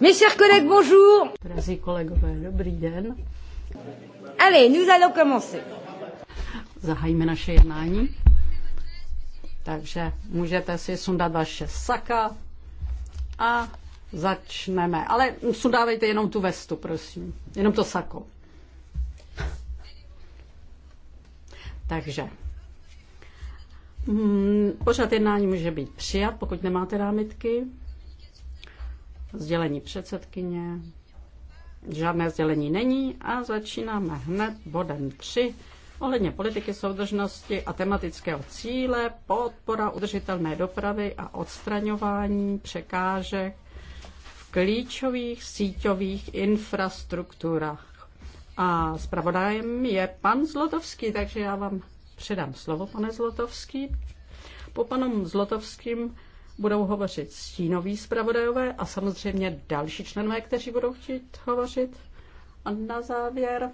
Mes chers collègues, bonjour. Drazí kolegové, dobrý den. Allez, nous allons commencer. Zahajíme naše jednání. Takže můžete si sundat vaše saka a začneme. Ale sundávejte jenom tu vestu, prosím. Jenom to sako. Takže mm, pořád jednání může být přijat, pokud nemáte námitky sdělení předsedkyně. Žádné sdělení není a začínáme hned bodem 3 ohledně politiky soudržnosti a tematického cíle podpora udržitelné dopravy a odstraňování překážek v klíčových síťových infrastrukturách. A zpravodajem je pan Zlotovský, takže já vám předám slovo, pane Zlotovský. Po panu Zlotovským budou hovořit stínoví zpravodajové a samozřejmě další členové, kteří budou chtít hovořit. A na závěr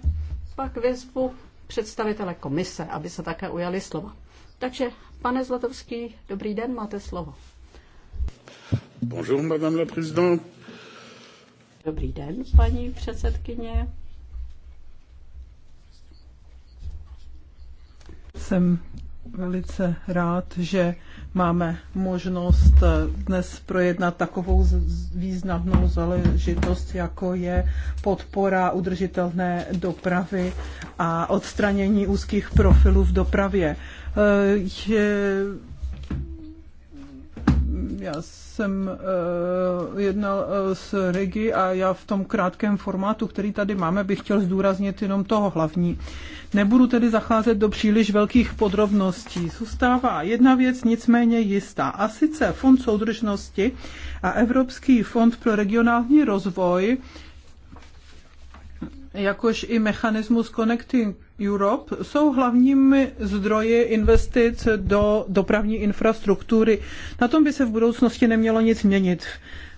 pak vyzvu představitele komise, aby se také ujali slova. Takže, pane Zlatovský, dobrý den, máte slovo. Bonjour, madame la présidente. Dobrý den, paní předsedkyně. Jsem velice rád, že máme možnost dnes projednat takovou významnou záležitost, jako je podpora udržitelné dopravy a odstranění úzkých profilů v dopravě. Eh, je, já jsem eh, jednal eh, s Regi a já v tom krátkém formátu, který tady máme, bych chtěl zdůraznit jenom toho hlavní. Nebudu tedy zacházet do příliš velkých podrobností. Zůstává jedna věc nicméně jistá, a sice Fond soudržnosti a Evropský fond pro regionální rozvoj jakož i mechanismus Connecting Europe jsou hlavními zdroje investic do dopravní infrastruktury. Na tom by se v budoucnosti nemělo nic měnit.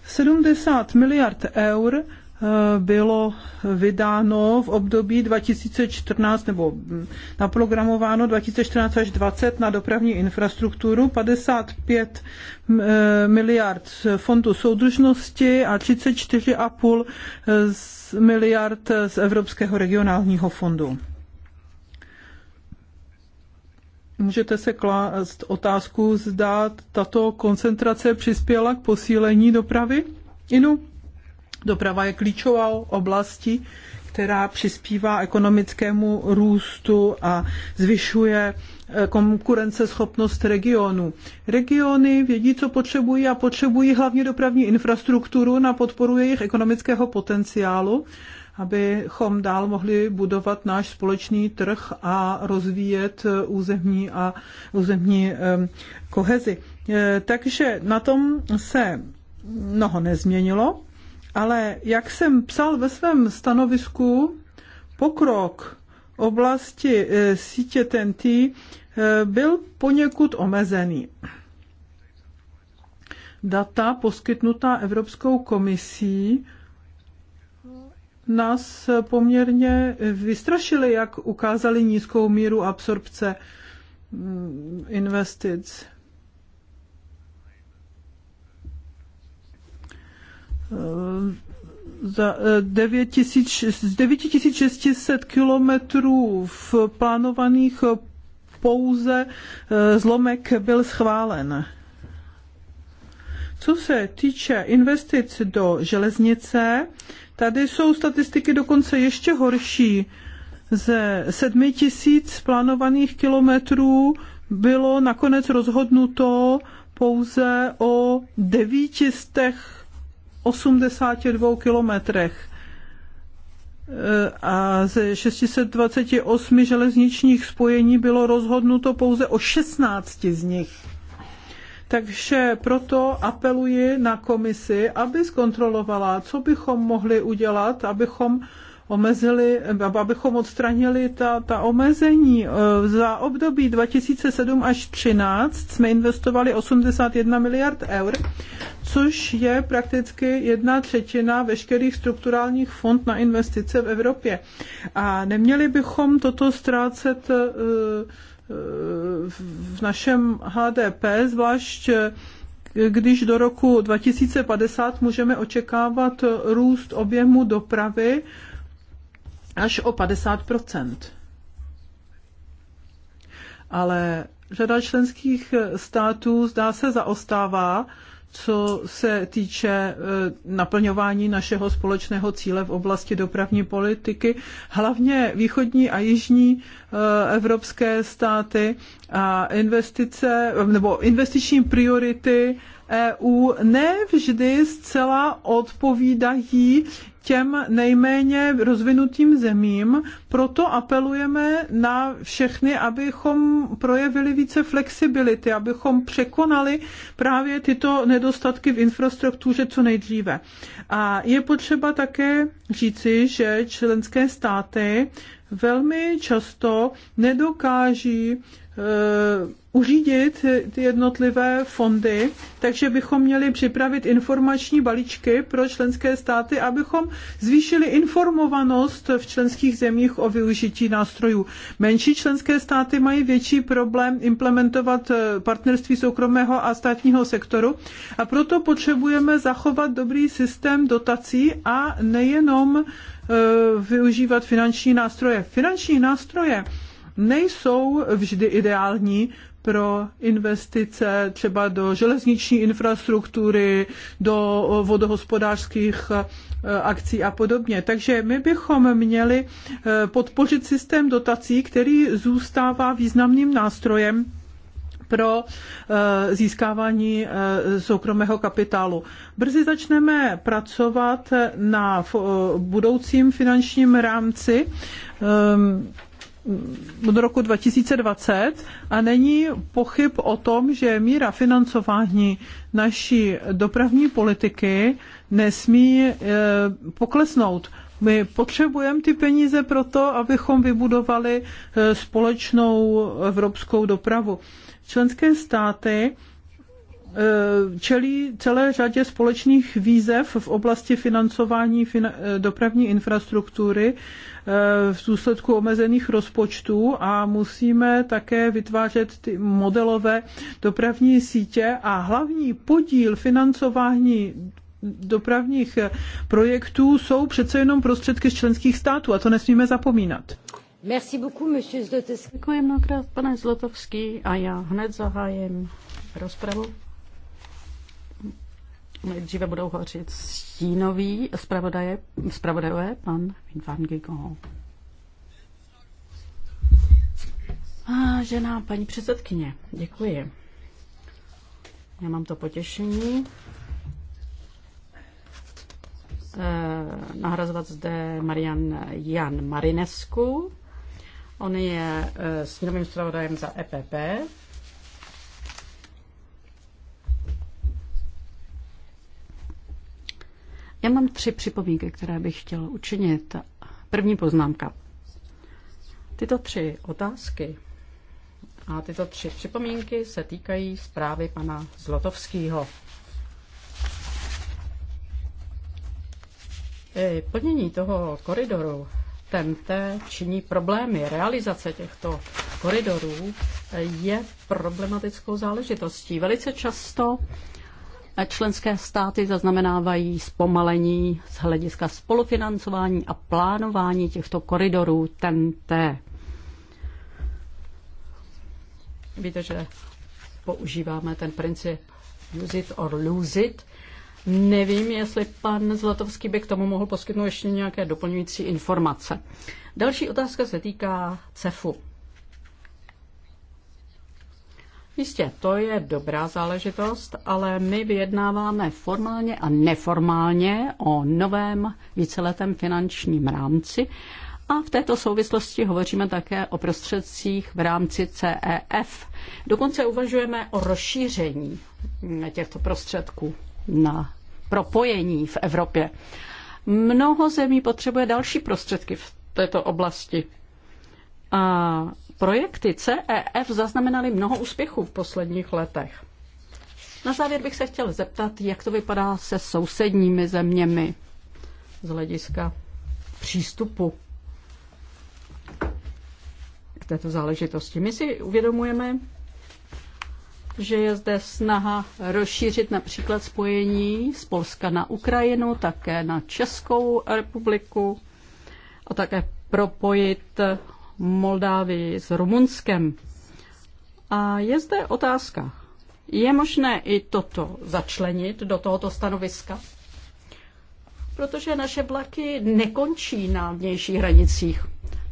70 miliard eur Eh, bylo vydáno v období 2014 nebo hm, naprogramováno 2014 až 20 na dopravní infrastrukturu, 55 hm, eh, miliard z fondu soudržnosti a 34,5 eh, miliard z Evropského regionálního fondu. Můžete se klást otázku, zda tato koncentrace přispěla k posílení dopravy? Inu? Doprava je klíčovou oblastí, která přispívá ekonomickému růstu a zvyšuje eh, konkurenceschopnost regionu. Regiony vědí, co potřebují a potřebují hlavně dopravní infrastrukturu na podporu jejich ekonomického potenciálu, abychom dál mohli budovat náš společný trh a rozvíjet eh, územní a územní kohezi. Eh, takže na tom se mnoho nezměnilo, ale jak jsem psal ve svém stanovisku, pokrok oblasti e, sítě TNT e, byl poněkud omezený. Data poskytnutá Evropskou komisí nás poměrně vystrašily, jak ukázali nízkou míru absorpce mm, investic. Eh, za 9 eh, 000, z 9600 kilometrů v plánovaných eh, pouze zlomek byl schválen. Co se týče investic do železnice, tady jsou statistiky dokonce ještě horší. Ze 7 tisíc plánovaných kilometrů bylo nakonec rozhodnuto pouze o 900 82 kilometrech eh, a ze 628 železničních spojení bylo rozhodnuto pouze o 16 z nich. Takže proto apeluji na komisi, aby zkontrolovala, co bychom mohli udělat, abychom omezili, abychom odstranili ta, ta omezení. E, za období 2007 až 2013 jsme investovali 81 miliard eur, což je prakticky jedna třetina veškerých strukturálních fond na investice v Evropě. A neměli bychom toto ztrácet e, e, v našem HDP, zvlášť když do roku 2050 můžeme očekávat růst objemu dopravy až o 50 Ale řada členských států zdá se zaostává, co se týče e, naplňování našeho společného cíle v oblasti dopravní politiky, hlavně východní a jižní e, evropské státy a investice nebo investiční priority EU nevždy zcela odpovídají těm nejméně rozvinutým zemím. Proto apelujeme na všechny, abychom projevili více flexibility, abychom překonali právě tyto nedostatky v infrastruktuře co nejdříve. A je potřeba také říci, že členské státy velmi často nedokáží Eh, uřídit ty jednotlivé fondy, takže bychom měli připravit informační balíčky pro členské státy, abychom zvýšili informovanost v členských zemích o využití nástrojů. Menší členské státy mají větší problém implementovat eh, partnerství soukromého a státního sektoru a proto potřebujeme zachovat dobrý systém dotací a nejenom eh, využívat finanční nástroje. Finanční nástroje nejsou vždy ideální pro investice třeba do železniční infrastruktury, do vodohospodářských eh, akcí a podobně. Takže my bychom měli eh, podpořit systém dotací, který zůstává významným nástrojem pro eh, získávání soukromého kapitálu. Brzy začneme pracovat na budoucím finančním rámci ehm, od roku 2020 a není pochyb o tom, že míra financování naší dopravní politiky nesmí e, poklesnout. My potřebujeme ty peníze pro to, abychom vybudovali e, společnou evropskou dopravu. Členské státy Eh, čelí celé řadě společných výzev v oblasti financování eh, dopravní infrastruktury eh, v důsledku omezených rozpočtů a musíme také vytvářet ty modelové dopravní sítě a hlavní podíl financování dopravních projektů jsou přece jenom prostředky z členských států a to nesmíme zapomínat. Merci beaucoup, monsieur Děkuji mnohokrát, pane Zlotovský, a já hned zahájím rozpravu. Nejdříve budou hovořit stínoví zpravodajové, pan Van Gigon. Žena paní předsedkyně, děkuji. Já mám to potěšení eh, nahrazovat zde Marian Jan Marinesku. On je eh, stínovým zpravodajem za EPP Já mám tři připomínky, které bych chtěl učinit. První poznámka. Tyto tři otázky a tyto tři připomínky se týkají zprávy pana Zlotovského. E, plnění toho koridoru TNT činí problémy. Realizace těchto koridorů e, je problematickou záležitostí. Velice často Členské státy zaznamenávají zpomalení z hlediska spolufinancování a plánování těchto koridorů ten t. Víte, že používáme ten princip use it or lose it. Nevím, jestli pan Zlatovský by k tomu mohl poskytnout ještě nějaké doplňující informace. Další otázka se týká CEFu. Jistě, to je dobrá záležitost, ale my vyjednáváme formálně a neformálně o novém víceletém finančním rámci a v této souvislosti hovoříme také o prostředcích v rámci CEF. Dokonce uvažujeme o rozšíření těchto prostředků na propojení v Evropě. Mnoho zemí potřebuje další prostředky v této oblasti. A projekty CEF zaznamenaly mnoho úspěchů v posledních letech. Na závěr bych se chtěl zeptat, jak to vypadá se sousedními zeměmi z hlediska přístupu k této záležitosti. My si uvědomujeme, že je zde snaha rozšířit například spojení z Polska na Ukrajinu, také na Českou republiku a také propojit Moldávii s Rumunskem. A je zde otázka. Je možné i toto začlenit do tohoto stanoviska? Protože naše vlaky nekončí na vnějších hranicích.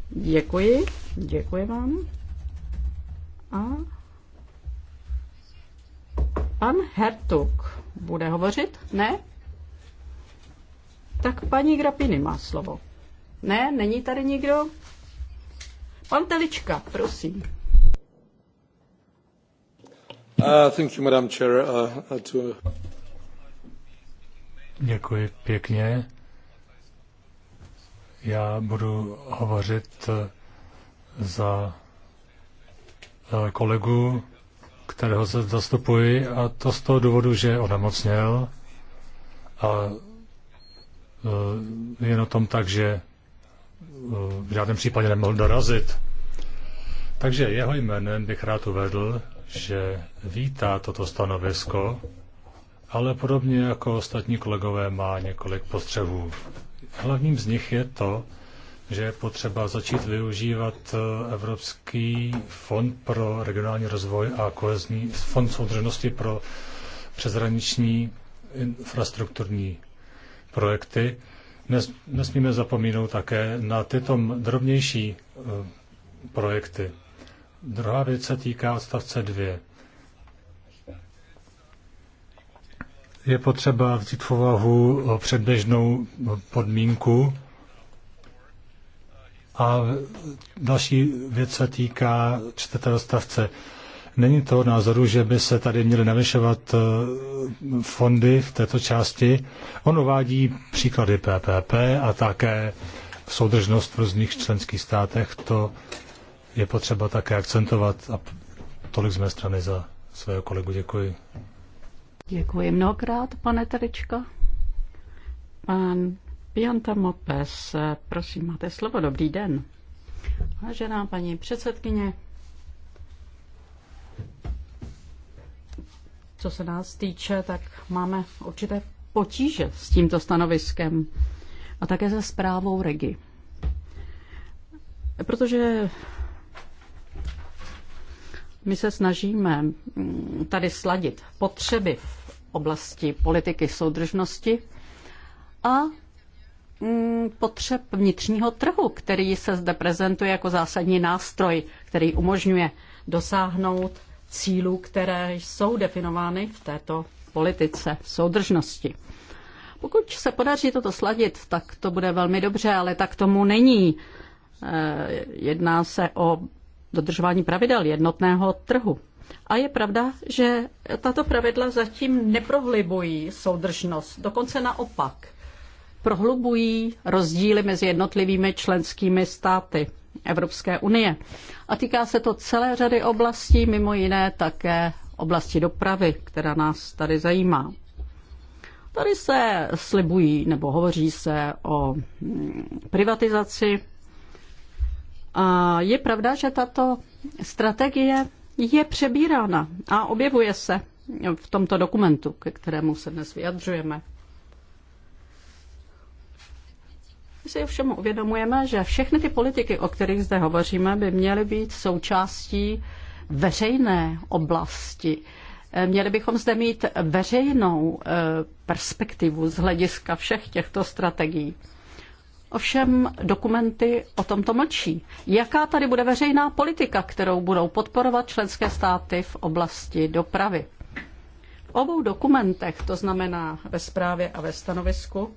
Děkuji, děkuji vám. A pan Hertuk bude hovořit? Ne? Tak paní Grapiny má slovo. Ne, není tady nikdo? Pan Telička, prosím. Uh, uh, uh, Děkuji pěkně. Já budu hovořit za kolegu, kterého se zastupuji, a to z toho důvodu, že onemocněl a je na tom tak, že v žádném případě nemohl dorazit. Takže jeho jménem bych rád uvedl, že vítá toto stanovisko, ale podobně jako ostatní kolegové má několik postřehů. Hlavním z nich je to, že je potřeba začít využívat eh, Evropský fond pro regionální rozvoj a kohezní fond soudržnosti pro přezraniční infrastrukturní projekty Nesmíme zapomínat také na tyto drobnější eh, projekty. Druhá věc se týká odstavce 2. Je potřeba vzít v úvahu eh, předběžnou eh, podmínku a další věc se týká čtvrtého stavce. Není to názoru, že by se tady měly navyšovat eh, fondy v této části. On uvádí příklady PPP a také soudržnost v různých členských státech. To je potřeba také akcentovat a tolik z mé strany za svého kolegu. Děkuji. Děkuji mnohokrát, pane terička, Pan Pianta Mopes, prosím, máte slovo. Dobrý den. Vážená paní předsedkyně, Co se nás týče, tak máme určité potíže s tímto stanoviskem a také se zprávou Regi. Protože my se snažíme mm, tady sladit potřeby v oblasti politiky soudržnosti a mm, potřeb vnitřního trhu, který se zde prezentuje jako zásadní nástroj, který umožňuje dosáhnout cílů, které jsou definovány v této politice soudržnosti. Pokud se podaří toto sladit, tak to bude velmi dobře, ale tak tomu není. Eh, jedná se o dodržování pravidel jednotného trhu. A je pravda, že tato pravidla zatím neprohlibují soudržnost, dokonce naopak. Prohlubují rozdíly mezi jednotlivými členskými státy. Evropské unie. A týká se to celé řady oblastí, mimo jiné také oblasti dopravy, která nás tady zajímá. Tady se slibují nebo hovoří se o mm, privatizaci. A je pravda, že tato strategie je přebírána a objevuje se v tomto dokumentu, ke kterému se dnes vyjadřujeme. My si všem uvědomujeme, že všechny ty politiky, o kterých zde hovoříme, by měly být součástí veřejné oblasti. Eh, měli bychom zde mít veřejnou eh, perspektivu z hlediska všech těchto strategií. Ovšem dokumenty o tomto mlčí. Jaká tady bude veřejná politika, kterou budou podporovat členské státy v oblasti dopravy? V obou dokumentech, to znamená ve zprávě a ve stanovisku,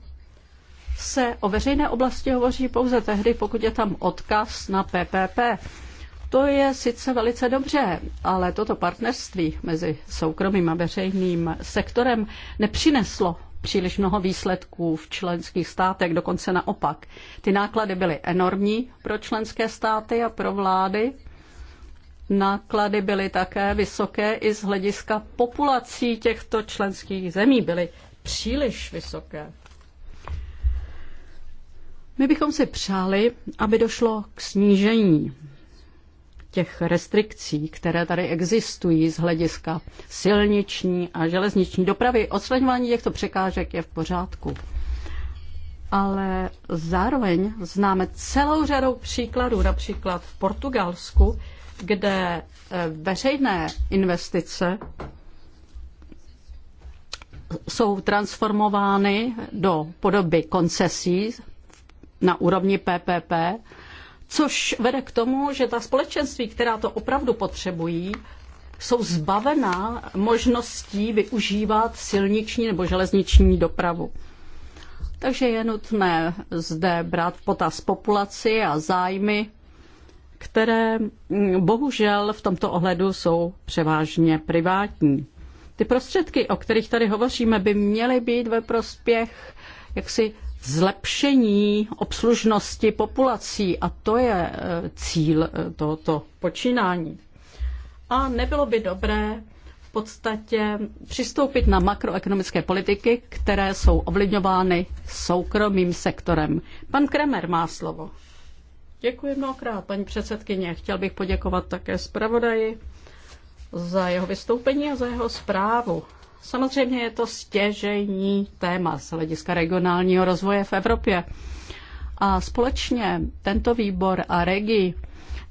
se o veřejné oblasti hovoří pouze tehdy, pokud je tam odkaz na PPP. To je sice velice dobře, ale toto partnerství mezi soukromým a veřejným sektorem nepřineslo příliš mnoho výsledků v členských státech, dokonce naopak. Ty náklady byly enormní pro členské státy a pro vlády. Náklady byly také vysoké i z hlediska populací těchto členských zemí. Byly příliš vysoké. My bychom si přáli, aby došlo k snížení těch restrikcí, které tady existují z hlediska silniční a železniční dopravy. Odstraňování těchto překážek je v pořádku. Ale zároveň známe celou řadu příkladů, například v Portugalsku, kde eh, veřejné investice jsou transformovány do podoby koncesí na úrovni PPP, což vede k tomu, že ta společenství, která to opravdu potřebují, jsou zbavená možností využívat silniční nebo železniční dopravu. Takže je nutné zde brát v potaz populaci a zájmy, které mm, bohužel v tomto ohledu jsou převážně privátní. Ty prostředky, o kterých tady hovoříme, by měly být ve prospěch jaksi zlepšení obslužnosti populací a to je e, cíl e, tohoto počínání. A nebylo by dobré v podstatě přistoupit na makroekonomické politiky, které jsou ovlivňovány soukromým sektorem. Pan Kremer má slovo. Děkuji mnohokrát, paní předsedkyně. Chtěl bych poděkovat také zpravodaji za jeho vystoupení a za jeho zprávu. Samozřejmě je to stěžejní téma z hlediska regionálního rozvoje v Evropě. A společně tento výbor a regi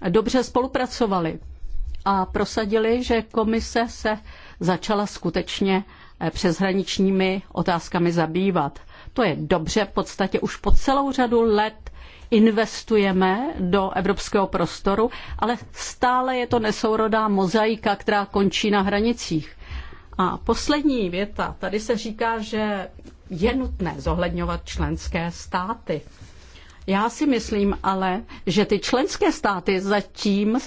dobře spolupracovali a prosadili, že komise se začala skutečně eh, přeshraničními otázkami zabývat. To je dobře, v podstatě už po celou řadu let investujeme do evropského prostoru, ale stále je to nesourodá mozaika, která končí na hranicích. A poslední věta. Tady se říká, že je nutné zohledňovat členské státy. Já si myslím ale, že ty členské státy zatím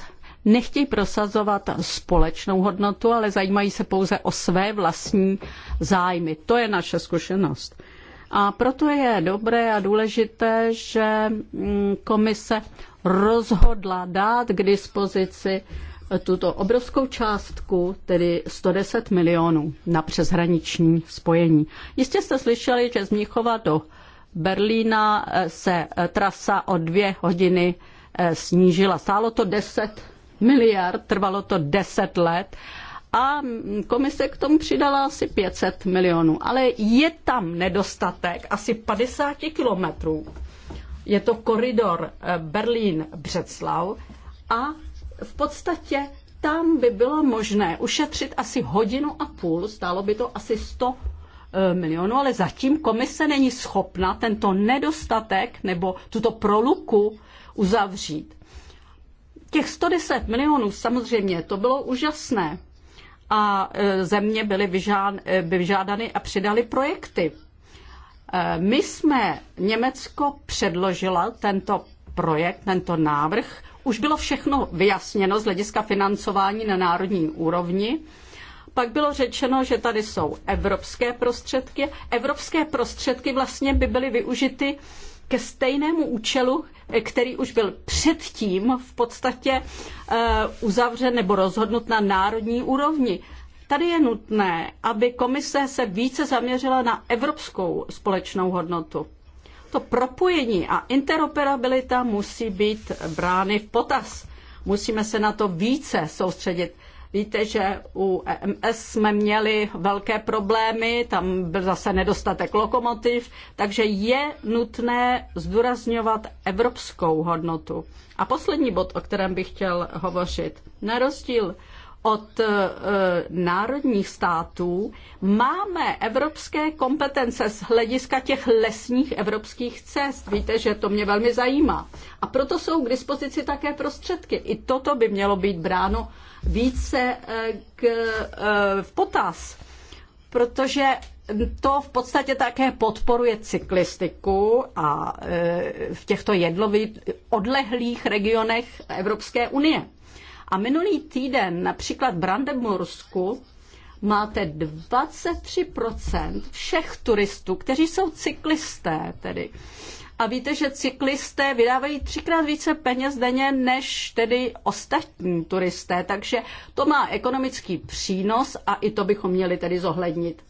nechtějí prosazovat společnou hodnotu, ale zajímají se pouze o své vlastní zájmy. To je naše zkušenost. A proto je dobré a důležité, že mm, komise rozhodla dát k dispozici tuto obrovskou částku, tedy 110 milionů na přeshraniční spojení. Jistě jste slyšeli, že z Mnichova do Berlína eh, se eh, trasa o dvě hodiny eh, snížila. Stálo to 10 miliard, trvalo to 10 let a mm, komise k tomu přidala asi 500 milionů. Ale je tam nedostatek asi 50 kilometrů. Je to koridor Berlín-Břeclav a v podstatě tam by bylo možné ušetřit asi hodinu a půl, stálo by to asi 100 eh, milionů, ale zatím komise není schopna tento nedostatek nebo tuto proluku uzavřít. Těch 110 milionů samozřejmě, to bylo úžasné. A eh, země byly eh, vyžádány a přidali projekty. My jsme, Německo předložila tento projekt, tento návrh už bylo všechno vyjasněno z hlediska financování na národní úrovni. Pak bylo řečeno, že tady jsou evropské prostředky. Evropské prostředky vlastně by byly využity ke stejnému účelu, který už byl předtím v podstatě eh, uzavřen nebo rozhodnut na národní úrovni. Tady je nutné, aby komise se více zaměřila na evropskou společnou hodnotu to propojení a interoperabilita musí být brány v potaz. Musíme se na to více soustředit. Víte, že u EMS jsme měli velké problémy, tam byl zase nedostatek lokomotiv, takže je nutné zdůrazňovat evropskou hodnotu. A poslední bod, o kterém bych chtěl hovořit. Na rozdíl od e, národních států, máme evropské kompetence z hlediska těch lesních evropských cest. Víte, že to mě velmi zajímá. A proto jsou k dispozici také prostředky. I toto by mělo být bráno více e, k, e, v potaz, protože to v podstatě také podporuje cyklistiku a v těchto jedlových odlehlých regionech Evropské unie. A minulý týden například v Brandenbursku máte 23% všech turistů, kteří jsou cyklisté tedy. A víte, že cyklisté vydávají třikrát více peněz denně než tedy ostatní turisté, takže to má ekonomický přínos a i to bychom měli tedy zohlednit.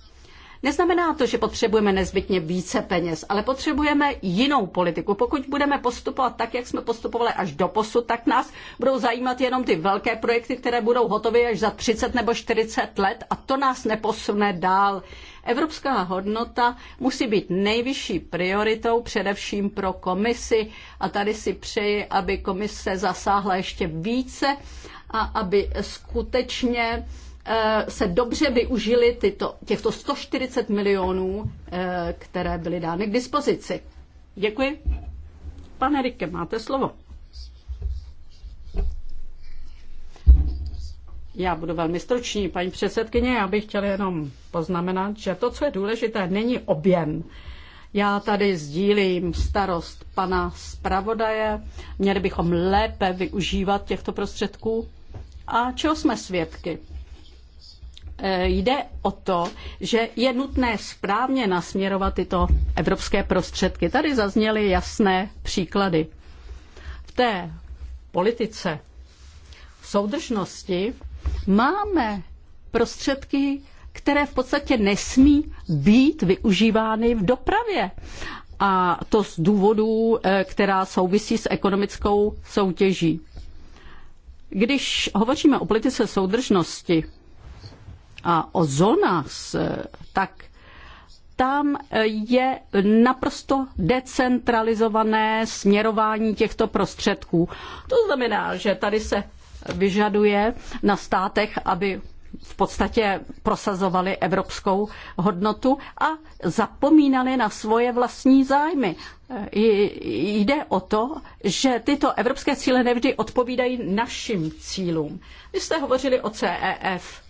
Neznamená to, že potřebujeme nezbytně více peněz, ale potřebujeme jinou politiku. Pokud budeme postupovat tak, jak jsme postupovali až do posud, tak nás budou zajímat jenom ty velké projekty, které budou hotové až za 30 nebo 40 let a to nás neposune dál. Evropská hodnota musí být nejvyšší prioritou především pro komisi a tady si přeji, aby komise zasáhla ještě více a aby skutečně Eh, se dobře využili tyto, těchto 140 milionů, eh, které byly dány k dispozici. Děkuji. Pane Rike, máte slovo. Já budu velmi stručný, paní předsedkyně. Já bych chtěl jenom poznamenat, že to, co je důležité, není objem. Já tady sdílím starost pana zpravodaje. Měli bychom lépe využívat těchto prostředků. A čeho jsme svědky? Eh, jde o to, že je nutné správně nasměrovat tyto evropské prostředky. Tady zazněly jasné příklady. V té politice soudržnosti máme prostředky, které v podstatě nesmí být využívány v dopravě a to z důvodů, eh, která souvisí s ekonomickou soutěží. Když hovoříme o politice soudržnosti, a o zónách, tak tam e, je naprosto decentralizované směrování těchto prostředků. To znamená, že tady se vyžaduje na státech, aby v podstatě prosazovali evropskou hodnotu a zapomínali na svoje vlastní zájmy. E, jde o to, že tyto evropské cíle nevždy odpovídají našim cílům. Vy jste hovořili o CEF.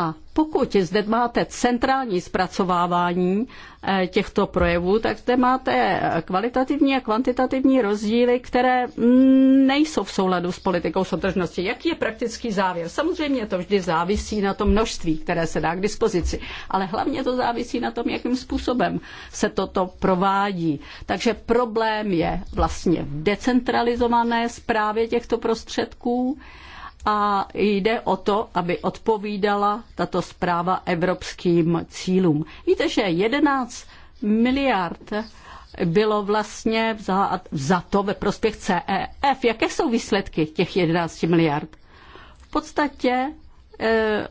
A pokud zde máte centrální zpracovávání eh, těchto projevů, tak zde máte kvalitativní a kvantitativní rozdíly, které mm, nejsou v souladu s politikou soudržnosti. Jaký je praktický závěr? Samozřejmě to vždy závisí na tom množství, které se dá k dispozici, ale hlavně to závisí na tom, jakým způsobem se toto provádí. Takže problém je vlastně v decentralizované zprávě těchto prostředků, a jde o to, aby odpovídala tato zpráva evropským cílům. Víte, že 11 miliard bylo vlastně za to ve prospěch CEF. Jaké jsou výsledky těch 11 miliard? V podstatě eh,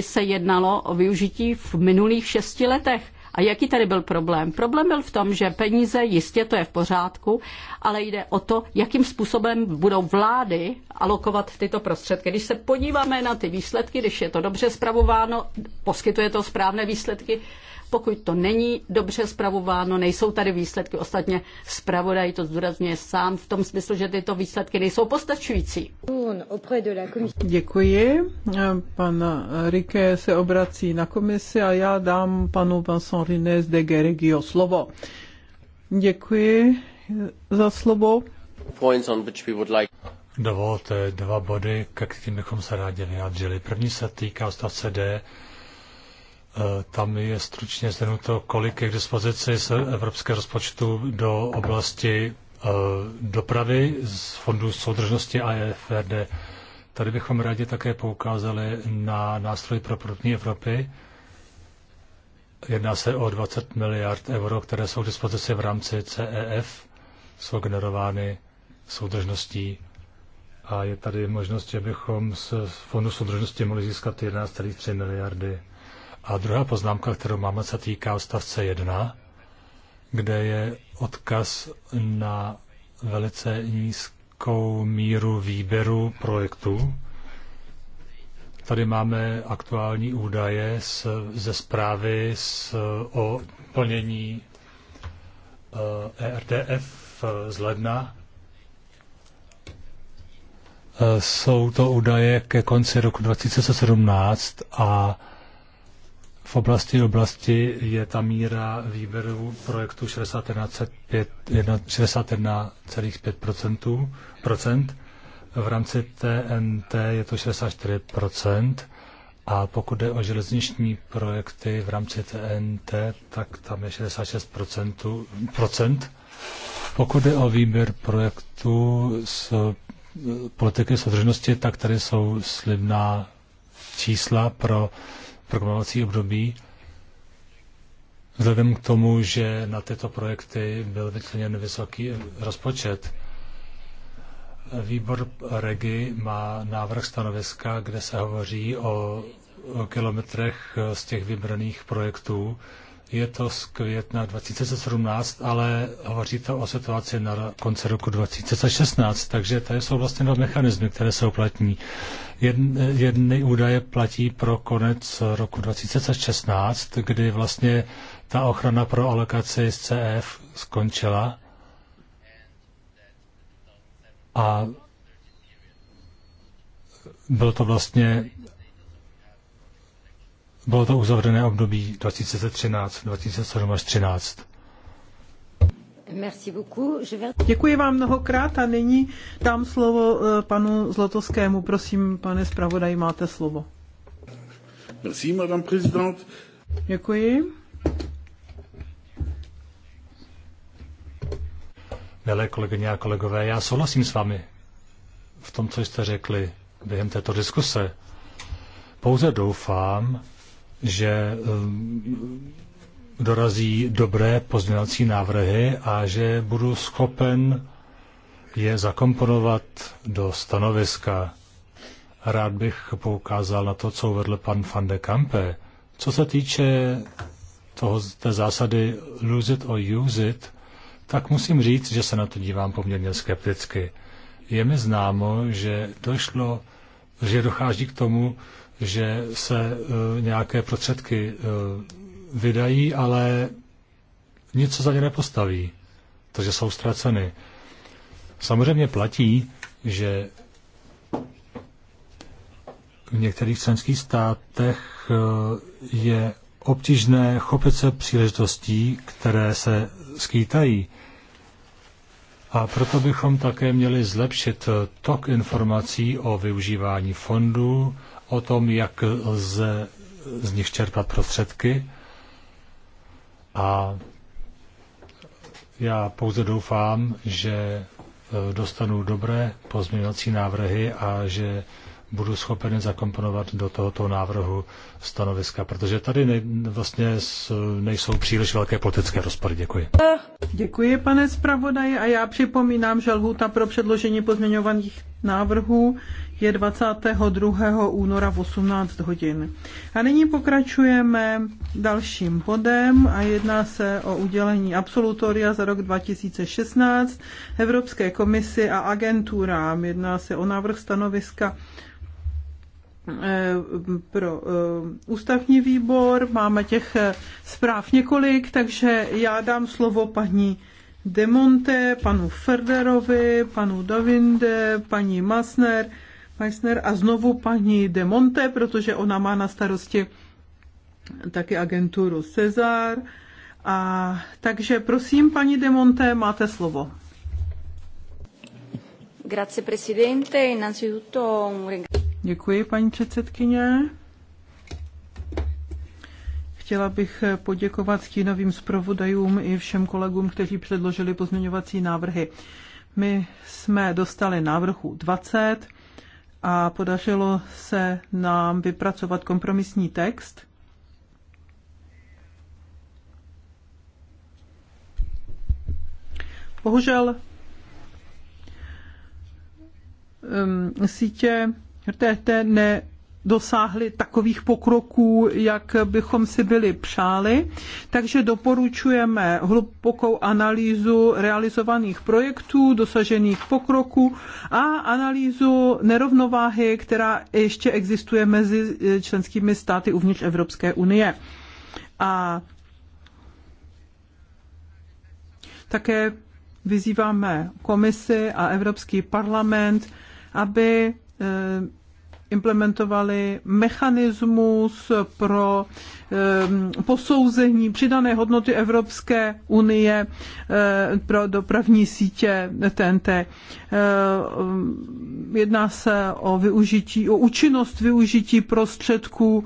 se jednalo o využití v minulých šesti letech. A jaký tady byl problém? Problém byl v tom, že peníze jistě to je v pořádku, ale jde o to, jakým způsobem budou vlády alokovat tyto prostředky. Když se podíváme na ty výsledky, když je to dobře zpravováno, poskytuje to správné výsledky, pokud to není dobře zpravováno, nejsou tady výsledky. Ostatně zpravodaj to zdůrazňuje sám v tom smyslu, že tyto výsledky nejsou postačující. Děkuji. Pan Rike se obrací na komisi a já dám panu Vincent Rines de Gerigio slovo. Děkuji za slovo. Dovolte dva body, ke kterým bychom se rádi vyjádřili. První se týká stace D Eh, tam je stručně zhrnuto, kolik je k dispozici z evropské rozpočtu do oblasti eh, dopravy z Fondu soudržnosti a EFRD. Tady bychom rádi také poukázali na nástroj pro první Evropy. Jedná se o 20 miliard euro, které jsou k dispozici v rámci CEF, jsou generovány soudržností a je tady možnost, že bychom z Fondu soudržnosti mohli získat 11,3 miliardy a druhá poznámka, kterou máme, se týká odstavce 1, kde je odkaz na velice nízkou míru výběru projektů. Tady máme aktuální údaje z, ze zprávy z, o plnění ERDF eh, e eh, z ledna. Eh, jsou to údaje ke konci roku 2017 a v oblasti oblasti je ta míra výběru projektu 61,5%. Procent. V rámci TNT je to 64%. A pokud jde o železniční projekty v rámci TNT, tak tam je 66%. Procent. Pokud jde o výběr projektů z eh, politiky soudržnosti, tak tady jsou slibná čísla pro programovací období, vzhledem k tomu, že na tyto projekty byl vyčleněn vysoký rozpočet. Výbor REGI má návrh stanoviska, kde se hovoří o kilometrech z těch vybraných projektů je to z května 2017, ale hovoří to o situaci na konci roku 2016, takže to jsou vlastně dva mechanismy, které se uplatní. Jedny, jedny údaje platí pro konec roku 2016, kdy vlastně ta ochrana pro alokaci z CF e skončila a byl to vlastně bylo to uzavřené období 2013, 2007 až 2013. Děkuji vám mnohokrát a nyní dám slovo eh, panu Zlotovskému. Prosím, pane zpravodaj, máte slovo. Merci, madame présidente. Děkuji. Milé kolegyně a kolegové, já souhlasím s vámi v tom, co jste řekli během této diskuse. Pouze doufám, že ehm, dorazí dobré pozměňovací návrhy a že budu schopen je zakomponovat do stanoviska. Rád bych poukázal na to, co uvedl pan van de Kampe. Co se týče toho, té zásady lose it or use it, tak musím říct, že se na to dívám poměrně skepticky. Je mi známo, že došlo, že dochází k tomu, že se e, nějaké prostředky e, vydají, ale nic se za ně nepostaví, takže jsou ztraceny. Samozřejmě platí, že v některých členských státech e, je obtížné chopit se příležitostí, které se skýtají. A proto bychom také měli zlepšit tok informací o využívání fondů, o tom, jak lze z nich čerpat prostředky. A já pouze doufám, že e, dostanu dobré pozměňovací návrhy a že budu schopen zakomponovat do tohoto návrhu stanoviska, protože tady ne, vlastně nejsou příliš velké politické rozpory. Děkuji. Děkuji, pane zpravodaji, a já připomínám, že lhůta pro předložení pozměňovaných návrhů je 22. února v 18 hodin. A nyní pokračujeme dalším bodem a jedná se o udělení absolutoria za rok 2016 Evropské komisi a agenturám. Jedná se o návrh stanoviska Eh, pro eh, ústavní výbor. Máme těch eh, zpráv několik, takže já dám slovo paní Demonte, panu Ferderovi, panu Davinde, paní Masner, Meissner a znovu paní Demonte, protože ona má na starosti taky agenturu Cezar. A, takže prosím, paní Demonte, máte slovo. Grazie Presidente, innanzitutto un ringraziamento. Děkuji, paní předsedkyně. Chtěla bych poděkovat stínovým zpravodajům i všem kolegům, kteří předložili pozměňovací návrhy. My jsme dostali návrhu 20 a podařilo se nám vypracovat kompromisní text. Bohužel um, sítě te ne, dosáhli takových pokroků, jak bychom si byli přáli. Takže doporučujeme hlubokou analýzu realizovaných projektů, dosažených pokroků a analýzu nerovnováhy, která ještě existuje mezi členskými státy uvnitř Evropské unie. A také vyzýváme komisi a Evropský parlament, aby Eh, implementovali mechanismus pro eh, posouzení přidané hodnoty Evropské unie eh, pro dopravní sítě TNT. Jedná se o využití, o účinnost využití prostředků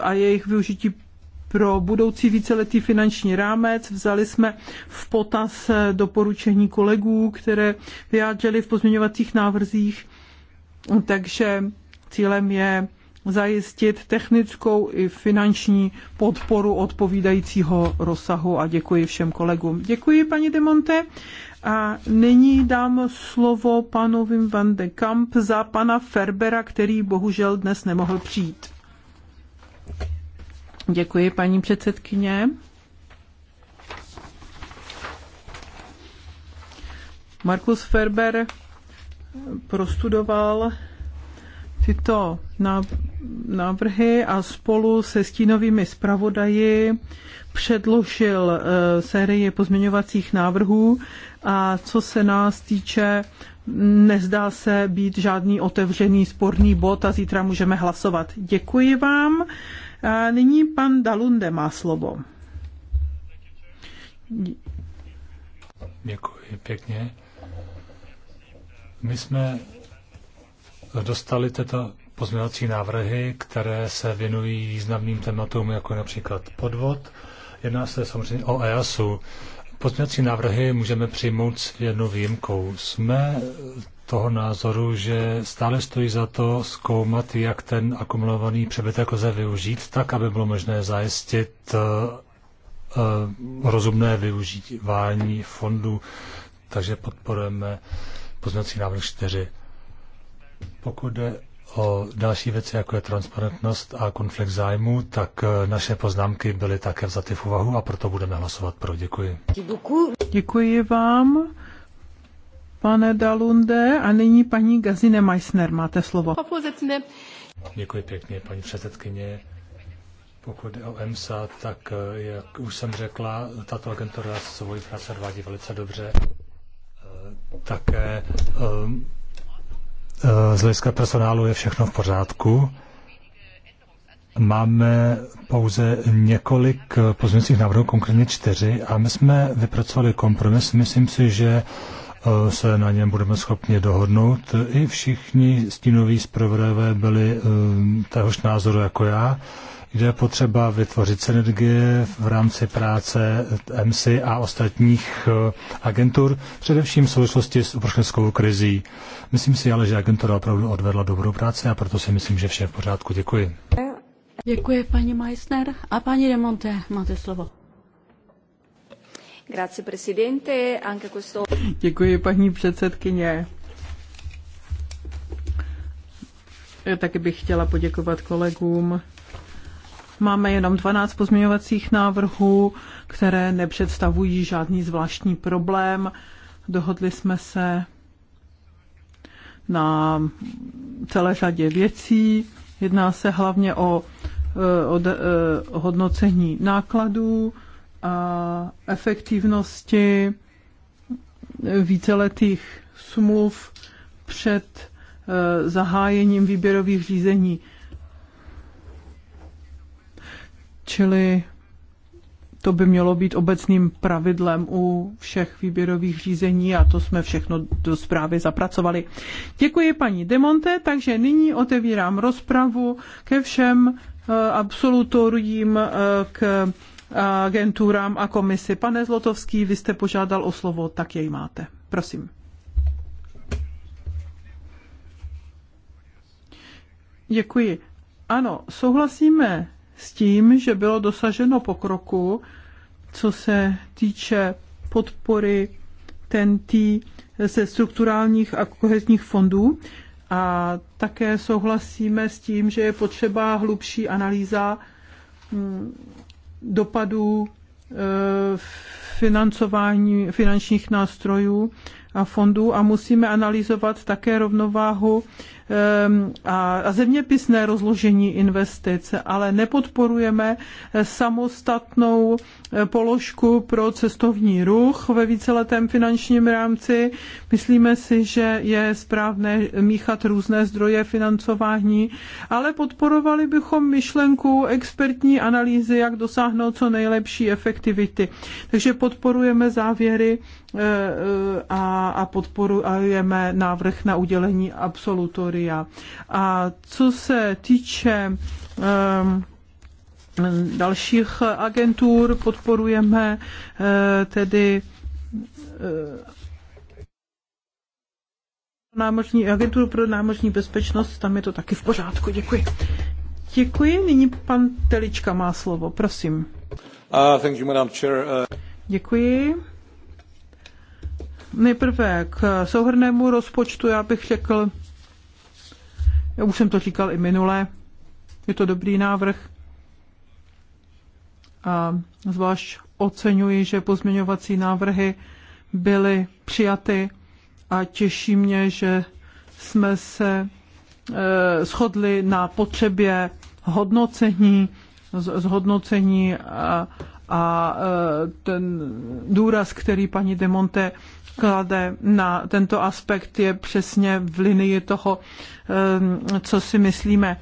a jejich využití pro budoucí víceletý finanční rámec. Vzali jsme v potaz eh, doporučení kolegů, které vyjádřili v pozměňovacích návrzích. Takže cílem je zajistit technickou i finanční podporu odpovídajícího rozsahu a děkuji všem kolegům. Děkuji, paní Demonte. A nyní dám slovo panu Wim van de Kamp za pana Ferbera, který bohužel dnes nemohl přijít. Děkuji, paní předsedkyně. Markus Ferber prostudoval tyto návrhy a spolu se stínovými zpravodaji předložil eh, sérii pozměňovacích návrhů a co se nás týče, nezdá se být žádný otevřený sporný bod a zítra můžeme hlasovat. Děkuji vám. A nyní pan Dalunde má slovo. Děkuji pěkně. My jsme dostali tyto pozměňovací návrhy, které se věnují významným tématům, jako například podvod. Jedná se samozřejmě o EASu. Pozměňovací návrhy můžeme přijmout s jednou výjimkou. Jsme toho názoru, že stále stojí za to zkoumat, jak ten akumulovaný přebytek lze využít, tak, aby bylo možné zajistit eh, eh, rozumné využívání fondů. Takže podporujeme poznací návrh 4. Pokud jde o další věci, jako je transparentnost a konflikt zájmu, tak eh, naše poznámky byly také vzaty v úvahu a proto budeme hlasovat pro. Děkuji. Děkuji vám pane Dalunde. A nyní paní Gazine Meissner, máte slovo. Děkuji pěkně, paní předsedkyně. Pokud je o EMSA, tak eh, jak už jsem řekla, tato agentura svoji práce odvádí velice dobře. Eh, také ehm, eh, z hlediska personálu je všechno v pořádku. Máme pouze několik pozměňovacích návrhů, konkrétně čtyři, a my jsme vypracovali kompromis. Myslím si, že se na něm budeme schopni dohodnout. I všichni stínoví zpravodajové byli ehm, téhož názoru jako já. je potřeba vytvořit synergie v rámci práce MC a ostatních eh, agentur, především v souvislosti s uprchlickou krizí. Myslím si ale, že agentura opravdu odvedla dobrou práci a proto si myslím, že vše je v pořádku. Děkuji. Děkuji, paní Meissner. A paní Demonte, máte slovo. Grazie Presidente, anche questo... Děkuji paní předsedkyně. Já taky bych chtěla poděkovat kolegům. Máme jenom 12 pozměňovacích návrhů, které nepředstavují žádný zvláštní problém. Dohodli jsme se na celé řadě věcí. Jedná se hlavně o, eh, o, o eh, hodnocení nákladů, a efektivnosti víceletých smluv před eh, zahájením výběrových řízení. Čili to by mělo být obecným pravidlem u všech výběrových řízení a to jsme všechno do zprávy zapracovali. Děkuji paní Demonte, takže nyní otevírám rozpravu ke všem eh, absolutorům eh, k agenturám a komisi. Pane Zlotovský, vy jste požádal o slovo, tak jej máte. Prosím. Děkuji. Ano, souhlasíme s tím, že bylo dosaženo pokroku, co se týče podpory TNT ze strukturálních a kohezních fondů. A také souhlasíme s tím, že je potřeba hlubší analýza mm, dopadů e, financování finančních nástrojů a fondů a musíme analyzovat také rovnováhu Ehm, a zeměpisné rozložení investic, ale nepodporujeme eh, samostatnou eh, položku pro cestovní ruch ve víceletém finančním rámci. Myslíme si, že je správné míchat různé zdroje financování, ale podporovali bychom myšlenku expertní analýzy, jak dosáhnout co nejlepší efektivity. Takže podporujeme závěry eh, a, podporujeme návrh na udělení absolutoria Maria. A co se týče um, dalších agentur, podporujeme uh, tedy uh, námořní, agenturu pro námořní bezpečnost, tam je to taky v pořádku. Děkuji. Děkuji. Nyní pan Telička má slovo, prosím. Uh, thank you, Madam Chair. Uh... Děkuji. Nejprve k souhrnému rozpočtu já bych řekl, já už jsem to říkal i minule. Je to dobrý návrh. A zvlášť oceňuji, že pozměňovací návrhy byly přijaty a těší mě, že jsme se e, shodli na potřebě hodnocení, z, zhodnocení a, a e, ten důraz, který paní Demonte klade na tento aspekt, je přesně v linii toho, ehm, co si myslíme.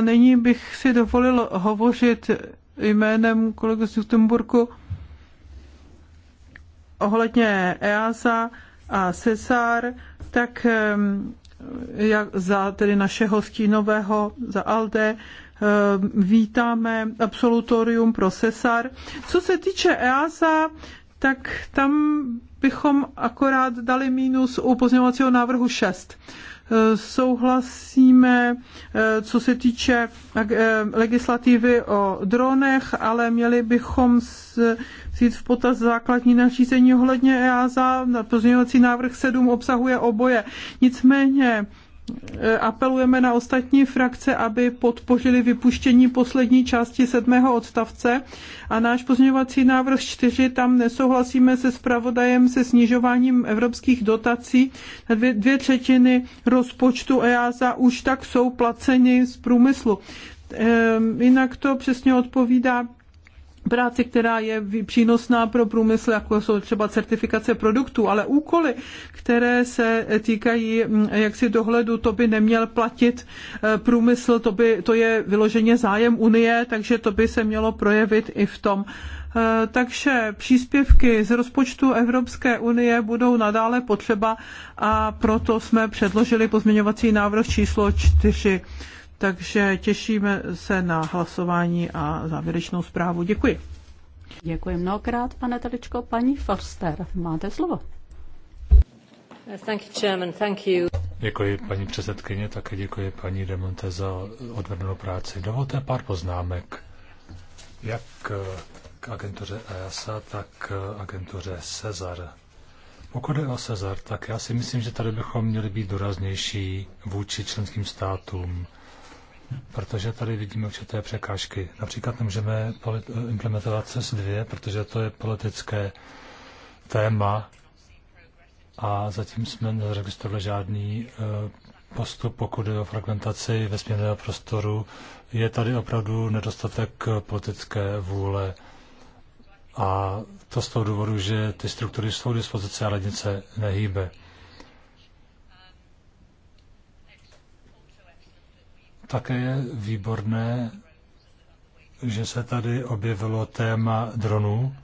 Nyní bych si dovolil hovořit jménem kolegy z Jutemburku ohledně EASA a CESAR, tak ehm, jak za tedy našeho stínového, za ALDE, ehm, vítáme absolutorium pro CESAR. Co se týče EASA, tak tam bychom akorát dali mínus u pozměňovacího návrhu 6. Eh, souhlasíme, eh, co se týče eh, legislativy o dronech, ale měli bychom vzít v potaz základní nařízení ohledně EASA. Pozměňovací návrh 7 obsahuje oboje. Nicméně Eh, apelujeme na ostatní frakce, aby podpořili vypuštění poslední části sedmého odstavce a náš pozměňovací návrh 4, tam nesouhlasíme se spravodajem se snižováním evropských dotací. Dvě, dvě třetiny rozpočtu EASA už tak jsou placeny z průmyslu. Eh, jinak to přesně odpovídá práci, která je přínosná pro průmysl, jako jsou třeba certifikace produktů, ale úkoly, které se týkají mm, jaksi dohledu, to by neměl platit e, průmysl, to, by, to je vyloženě zájem Unie, takže to by se mělo projevit i v tom, e, takže příspěvky z rozpočtu Evropské unie budou nadále potřeba a proto jsme předložili pozměňovací návrh číslo 4. Takže těšíme se na hlasování a závěrečnou zprávu. Děkuji. Děkuji mnohokrát, pane Teličko. Paní Forster, máte slovo. Thank you, Chairman. Thank you. Děkuji paní předsedkyně, také děkuji paní Demonte za odvedenou práci. Dovolte pár poznámek, jak k agentuře EASA, tak k agentuře Cezar. Pokud je o Cezar, tak já si myslím, že tady bychom měli být důraznější vůči členským státům protože tady vidíme určité překážky. Například nemůžeme implementovat CES2, protože to je politické téma a zatím jsme nezaregistrovali žádný eh, postup, pokud je o fragmentaci vesmírného prostoru. Je tady opravdu nedostatek politické vůle. A to z toho důvodu, že ty struktury jsou k dispozici, ale nic se nehýbe. Také je výborné, že se tady objevilo téma dronů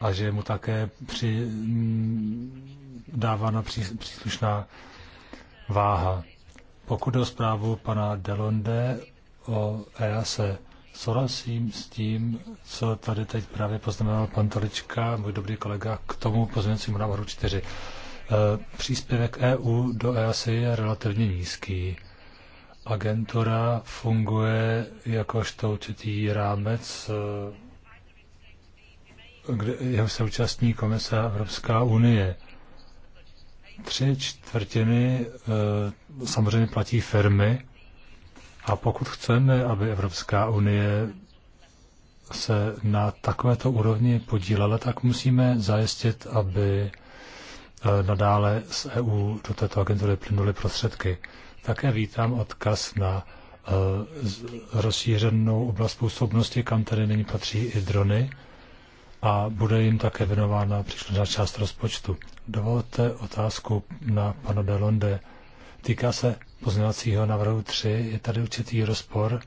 a že mu také při, mm, dávána příslušná váha. Pokud o zprávu pana Delonde o EASE, e, souhlasím s tím, co tady teď právě poznamenal pan Tolička, můj dobrý kolega, k tomu pozměňovacímu návrhu 4. Eh, příspěvek EU do EASI je relativně nízký. Agentura funguje jakožto určitý rámec, eh, kde je současní komise Evropská unie. Tři čtvrtiny eh, samozřejmě platí firmy a pokud chceme, aby Evropská unie se na takovéto úrovni podílela, tak musíme zajistit, aby Eh, nadále z EU do této agentury plynuly prostředky. Také vítám odkaz na eh, rozšířenou oblast působnosti, kam tedy nyní patří i drony a bude jim také věnována příslušná část rozpočtu. Dovolte otázku na pana Delonde. Týká se pozměňovacího návrhu 3, je tady určitý rozpor.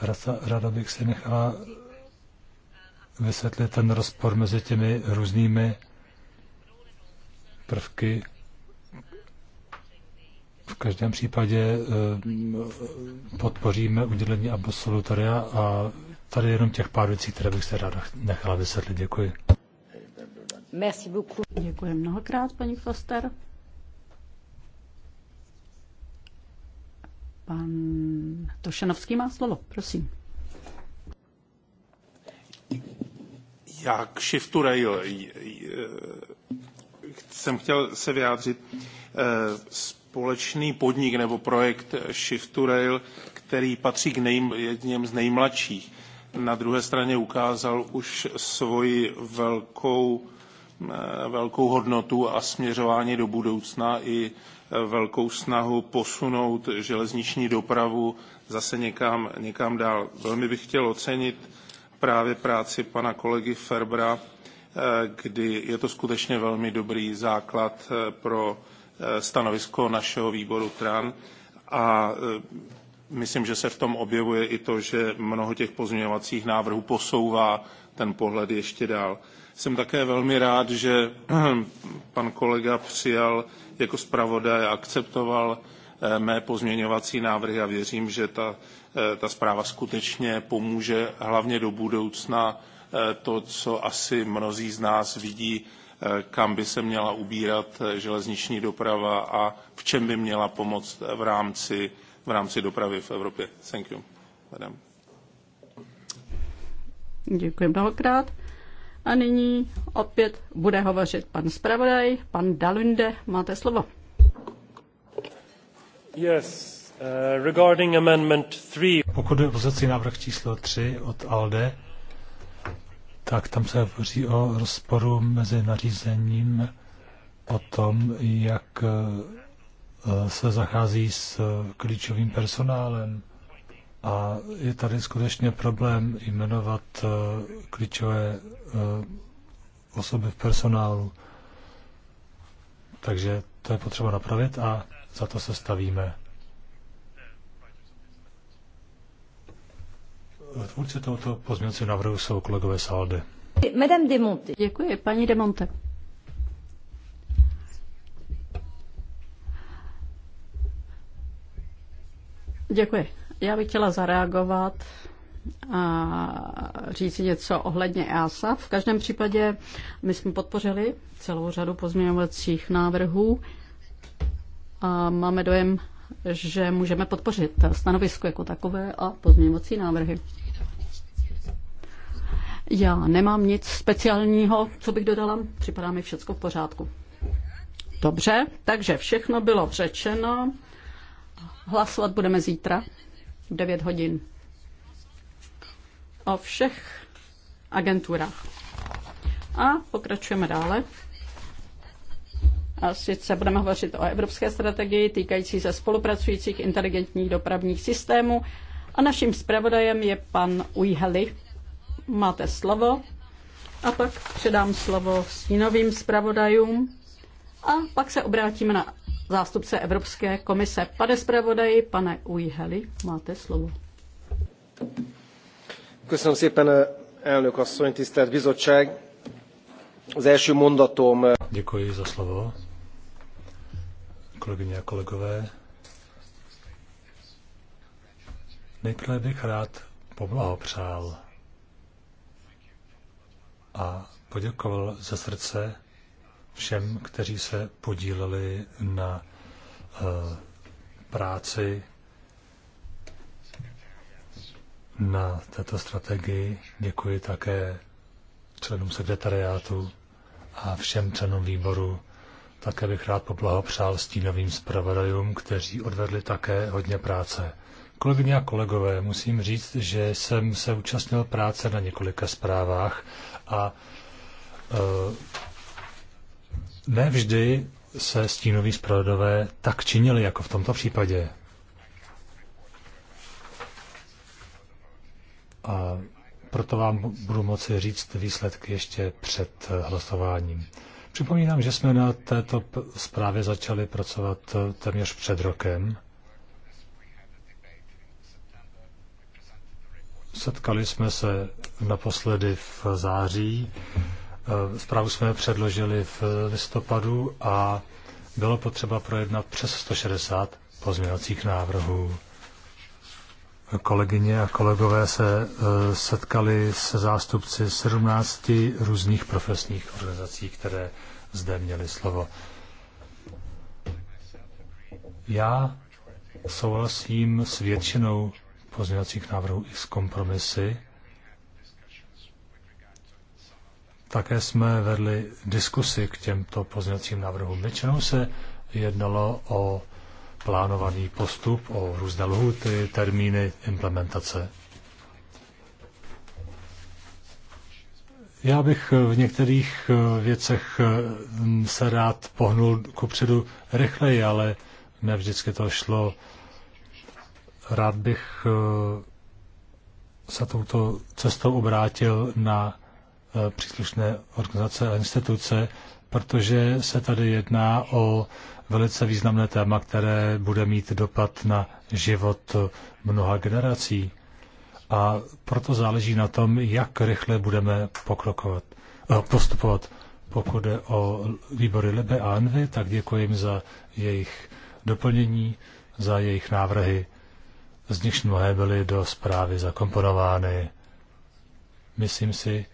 Rada, rada bych si nechala vysvětlit ten rozpor mezi těmi různými prvky. V každém případě eh, podpoříme udělení absolutoria a tady je jenom těch pár věcí, které bych se ráda nechala vysvětlit. Děkuji. Merci beaucoup. Děkuji mnohokrát, paní Foster. Pan Tošanovský má slovo, prosím. Jak k shiftu rail jsem chtěl se vyjádřit. Eh, společný podnik nebo projekt Shift to Rail, který patří k nej, jedním z nejmladších, na druhé straně ukázal už svoji velkou, eh, velkou hodnotu a směřování do budoucna i eh, velkou snahu posunout železniční dopravu zase někam, někam dál. Velmi bych chtěl ocenit právě práci pana kolegy Ferbra kdy je to skutečně velmi dobrý základ eh, pro eh, stanovisko našeho výboru TRAN a eh, myslím, že se v tom objevuje i to, že mnoho těch pozměňovacích návrhů posouvá ten pohled ještě dál. Jsem také velmi rád, že pan kolega přijal jako zpravodaj a akceptoval mé pozměňovací návrhy a věřím, že ta, ta zpráva skutečně pomůže hlavně do budoucna Eh, to, co asi mnozí z nás vidí, eh, kam by se měla ubírat eh, železniční doprava a v čem by měla pomoct v rámci, v rámci dopravy v Evropě. Thank you. Madam. Děkuji mnohokrát. A nyní opět bude hovořit pan zpravodaj, pan Dalunde. Máte slovo. Yes, uh, regarding amendment three. Pokud je pozici návrh číslo 3 od ALDE, tak tam se hovoří o rozporu mezi nařízením o tom, jak eh, se zachází s eh, klíčovým personálem. A je tady skutečně problém jmenovat eh, klíčové osoby v personálu. Takže to je potřeba napravit a za to se stavíme. Tvůrci tohoto návrhu jsou kolegové Salde. Madame Demonte. Děkuji, paní Demonte. Děkuji. Já bych chtěla zareagovat a říct něco ohledně EASA. V každém případě my jsme podpořili celou řadu pozměňovacích návrhů a máme dojem, že můžeme podpořit stanovisko jako takové a pozměňovací návrhy. Já nemám nic speciálního, co bych dodala. Připadá mi všechno v pořádku. Dobře, takže všechno bylo řečeno. Hlasovat budeme zítra v 9 hodin. O všech agenturách. A pokračujeme dále. A sice budeme hovořit o evropské strategii týkající se spolupracujících inteligentních dopravních systémů. A naším zpravodajem je pan Ujheli máte slovo a pak předám slovo stínovým zpravodajům a pak se obrátíme na zástupce Evropské komise. Pane zpravodaji, pane Ujheli, máte slovo. Köszönöm szépen, elnök asszony, tisztelt bizottság. Az első mondatom... Děkuji za slovo. Kolegyně a kolegové, nejprve bych rád poblahopřál a poděkoval ze srdce všem, kteří se podíleli na eh, práci na této strategii. Děkuji také členům sekretariátu a všem členům výboru. Také bych rád poblahopřál stínovým zpravodajům, kteří odvedli také hodně práce. Kolegyně a kolegové, musím říct, že jsem se účastnil práce na několika zprávách a uh, eh, nevždy se stínoví zpravodové tak činili, jako v tomto případě. A proto vám budu moci říct výsledky ještě před eh, hlasováním. Připomínám, že jsme na této zprávě začali pracovat eh, téměř před rokem. Setkali jsme se naposledy v září. Zprávu jsme předložili v listopadu a bylo potřeba projednat přes 160 pozměňovacích návrhů. Kolegyně a kolegové se eh, setkali se zástupci 17 různých profesních organizací, které zde měly slovo. Já souhlasím s většinou pozměňovacích návrhů i s kompromisy. Také jsme vedli diskusy k těmto pozměňovacím návrhům. Většinou se jednalo o plánovaný postup, o různé lhuty, termíny implementace. Já bych v některých eh, věcech eh, se rád pohnul kupředu rychleji, ale ne vždycky to šlo. Rád bych eh, se touto cestou obrátil na eh, příslušné organizace a instituce, protože se tady jedná o velice významné téma, které bude mít dopad na život mnoha generací. A proto záleží na tom, jak rychle budeme pokrokovat, eh, postupovat. Pokud je o výbory Lebe a Anvy, tak děkuji jim za jejich doplnění, za jejich návrhy z nichž mnohé byly do zprávy zakomponovány. Myslím si,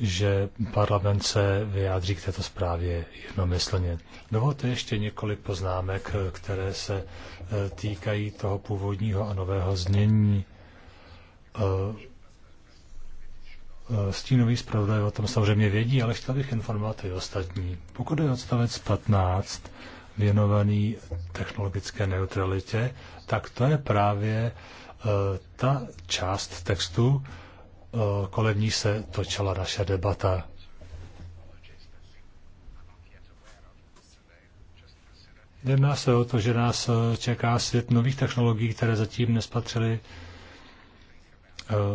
že parlament se vyjádří k této zprávě jednomyslně. Dovolte ještě několik poznámek, které se eh, týkají toho původního a nového znění. Eh, eh, Stínový zpravodaj o tom samozřejmě vědí, ale chtěl bych informovat i ostatní. Pokud je odstavec 15, věnovaný technologické neutralitě, tak to je právě e, ta část textu, e, kolem ní se točila naše debata. Jedná se o to, že nás e, čeká svět nových technologií, které zatím nespatřili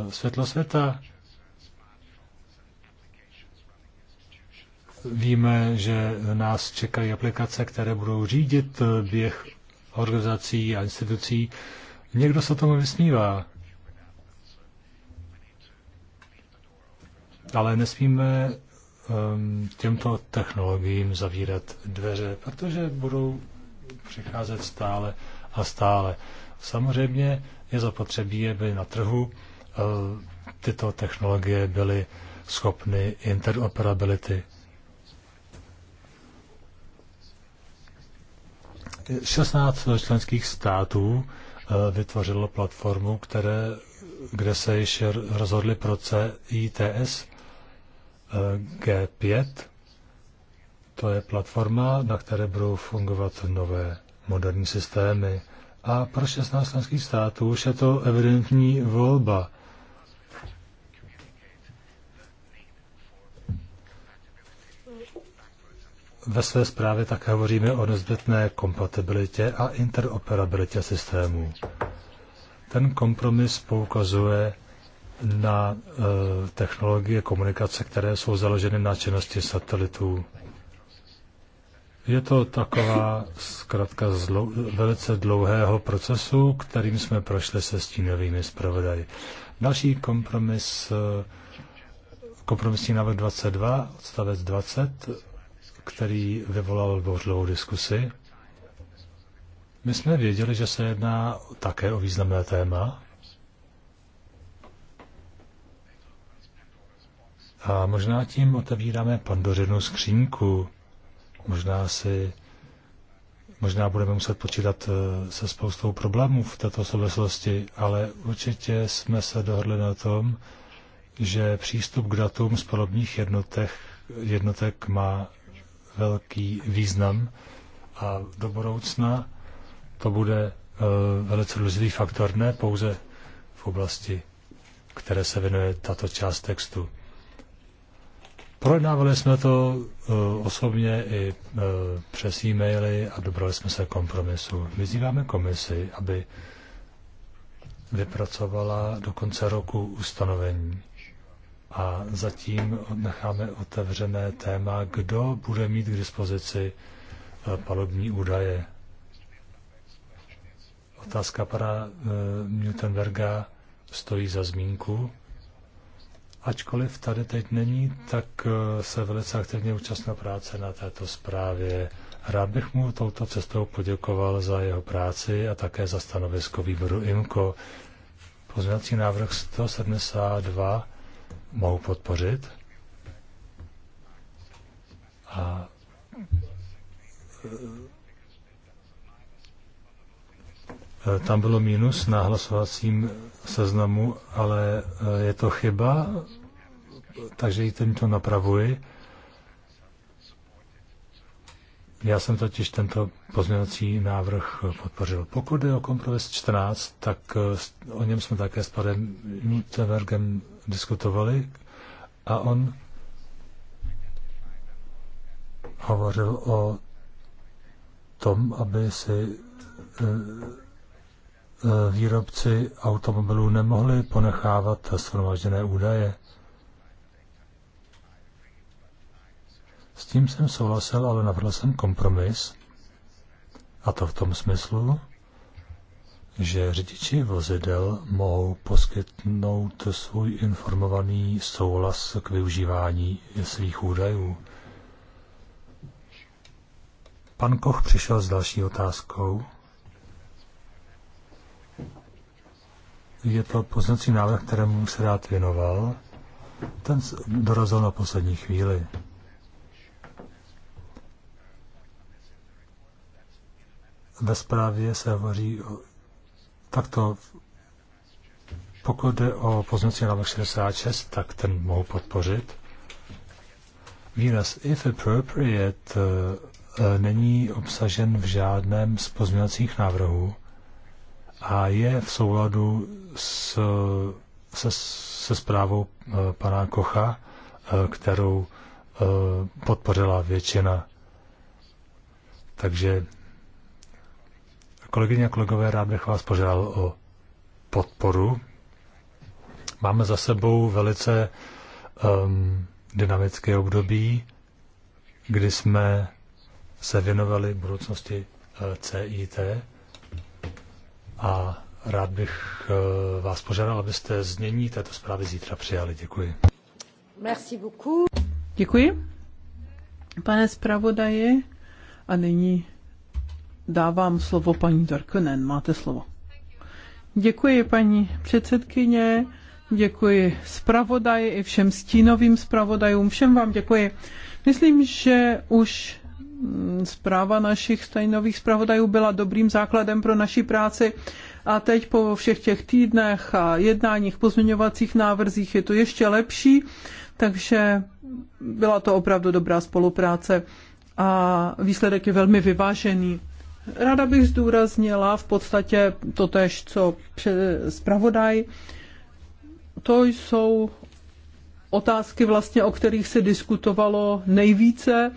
světlo světa. Víme, že nás čekají aplikace, které budou řídit běh organizací a institucí. Někdo se tomu vysmívá. Ale nesmíme um, těmto technologiím zavírat dveře, protože budou přicházet stále a stále. Samozřejmě je zapotřebí, aby na trhu uh, tyto technologie byly schopny interoperability. 16 členských států eh, vytvořilo platformu, které, kde se již rozhodli pro CITS eh, G5. To je platforma, na které budou fungovat nové moderní systémy. A pro 16 členských států už je to evidentní volba. ve své zprávě také hovoříme o nezbytné kompatibilitě a interoperabilitě systémů. Ten kompromis poukazuje na e, technologie komunikace, které jsou založeny na činnosti satelitů. Je to taková zkrátka zlou, velice dlouhého procesu, kterým jsme prošli se stínovými zpravodaji. Další kompromis, e, kompromisní návrh 22, odstavec 20, který vyvolal bořlou diskusi. My jsme věděli, že se jedná také o významné téma. A možná tím otevíráme pandořinu skřínku. Možná si Možná budeme muset počítat eh, se spoustou problémů v této souvislosti, ale určitě jsme se dohodli na tom, že přístup k datům z podobných jednotek, jednotek má velký význam a do budoucna to bude eh, velice důležitý faktor, ne pouze v oblasti, které se věnuje tato část textu. Projednávali jsme to eh, osobně i eh, přes e-maily a dobrali jsme se kompromisu. Vyzýváme komisi, aby vypracovala do konce roku ustanovení, a zatím necháme otevřené téma, kdo bude mít k dispozici eh, palubní údaje. Otázka pana Newtonberga eh, stojí za zmínku. Ačkoliv tady teď není, tak eh, se velice aktivně účastnil práce na této zprávě. Rád bych mu touto cestou poděkoval za jeho práci a také za stanovisko výboru IMCO. Pozměňovací návrh 172 mohu podpořit. A e, tam bylo mínus na hlasovacím seznamu, ale e, je to chyba, takže ji tento napravuji. Já jsem totiž tento pozměňovací návrh podpořil. Pokud je o kompromis 14, tak e, o něm jsme také s panem Nutenbergem diskutovali a on hovořil o tom, aby si eh, eh, výrobci automobilů nemohli ponechávat shromažděné údaje. S tím jsem souhlasil, ale navrhl jsem kompromis. A to v tom smyslu, že řidiči vozidel mohou poskytnout svůj informovaný souhlas k využívání svých údajů. Pan Koch přišel s další otázkou. Je to poznací návrh, kterému se rád věnoval. Ten dorazil na poslední chvíli. Ve zprávě se hovoří o tak to, pokud jde o pozměnci návrh 66, tak ten mohu podpořit. Výraz if appropriate eh, eh, není obsažen v žádném z pozměňovacích návrhů a je v souladu s, se, se zprávou eh, pana Kocha, kterou podpořila většina. Takže Kolegyně a kolegové, rád bych vás požádal o podporu. Máme za sebou velice um, dynamické období, kdy jsme se věnovali budoucnosti eh, CIT a rád bych eh, vás požádal, abyste znění této zprávy zítra přijali. Děkuji. Merci beaucoup. Děkuji. Pane zpravodaji, a nyní dávám slovo paní Dorkonen. Máte slovo. Děkuji, paní předsedkyně. Děkuji zpravodaji i všem stínovým zpravodajům. Všem vám děkuji. Myslím, že už zpráva našich stejnových zpravodajů byla dobrým základem pro naši práci. A teď po všech těch týdnech a jednáních, pozměňovacích návrzích je to ještě lepší, takže byla to opravdu dobrá spolupráce a výsledek je velmi vyvážený. Ráda bych zdůraznila v podstatě to tež, co zpravodaj. To jsou otázky, vlastně, o kterých se diskutovalo nejvíce.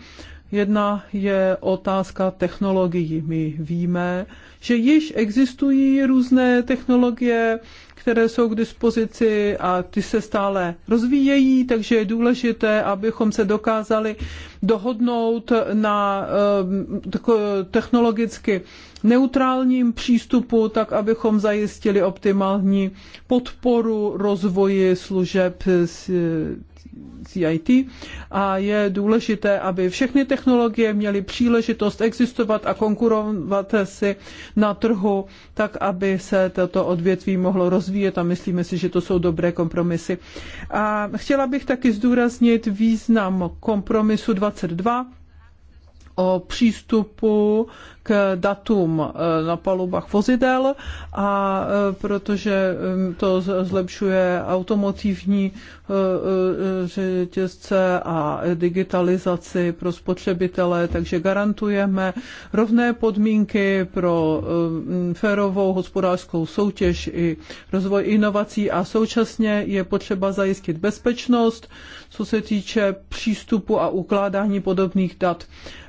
Jedna je otázka technologií. My víme, že již existují různé technologie, které jsou k dispozici a ty se stále rozvíjejí, takže je důležité, abychom se dokázali dohodnout na ehm, eh, technologicky neutrálním přístupu, tak abychom zajistili optimální podporu rozvoji služeb CIT a je důležité, aby všechny technologie měly příležitost existovat a konkurovat si na trhu, tak aby se toto odvětví mohlo rozvíjet a myslíme si, že to jsou dobré kompromisy. A chtěla bych taky zdůraznit význam kompromisu 22, o přístupu k datům eh, na palubách vozidel a eh, protože eh, to zlepšuje automotivní řetězce a digitalizaci pro spotřebitele, takže garantujeme rovné podmínky pro férovou hospodářskou soutěž i rozvoj inovací a současně je potřeba zajistit bezpečnost, co se týče přístupu a ukládání podobných dat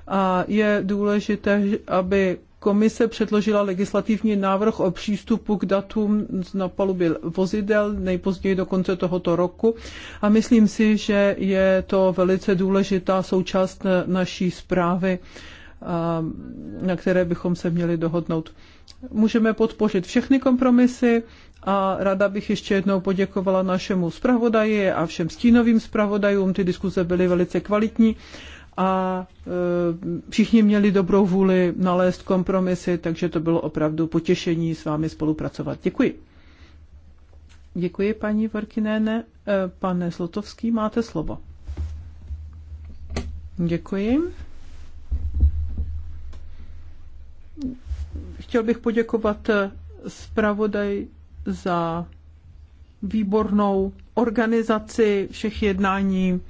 a je důležité, aby komise předložila legislativní návrh o přístupu k datům na palubě vozidel nejpozději do konce tohoto roku a myslím si, že je to velice důležitá součást naší zprávy, na které bychom se měli dohodnout. Můžeme podpořit všechny kompromisy a ráda bych ještě jednou poděkovala našemu zpravodaji a všem stínovým zpravodajům. Ty diskuze byly velice kvalitní a e, všichni měli dobrou vůli nalézt kompromisy, takže to bylo opravdu potěšení s vámi spolupracovat. Děkuji. Děkuji, paní Vorkinéne. E, pane Zlotovský, máte slovo. Děkuji. Chtěl bych poděkovat zpravodaj za výbornou organizaci všech jednání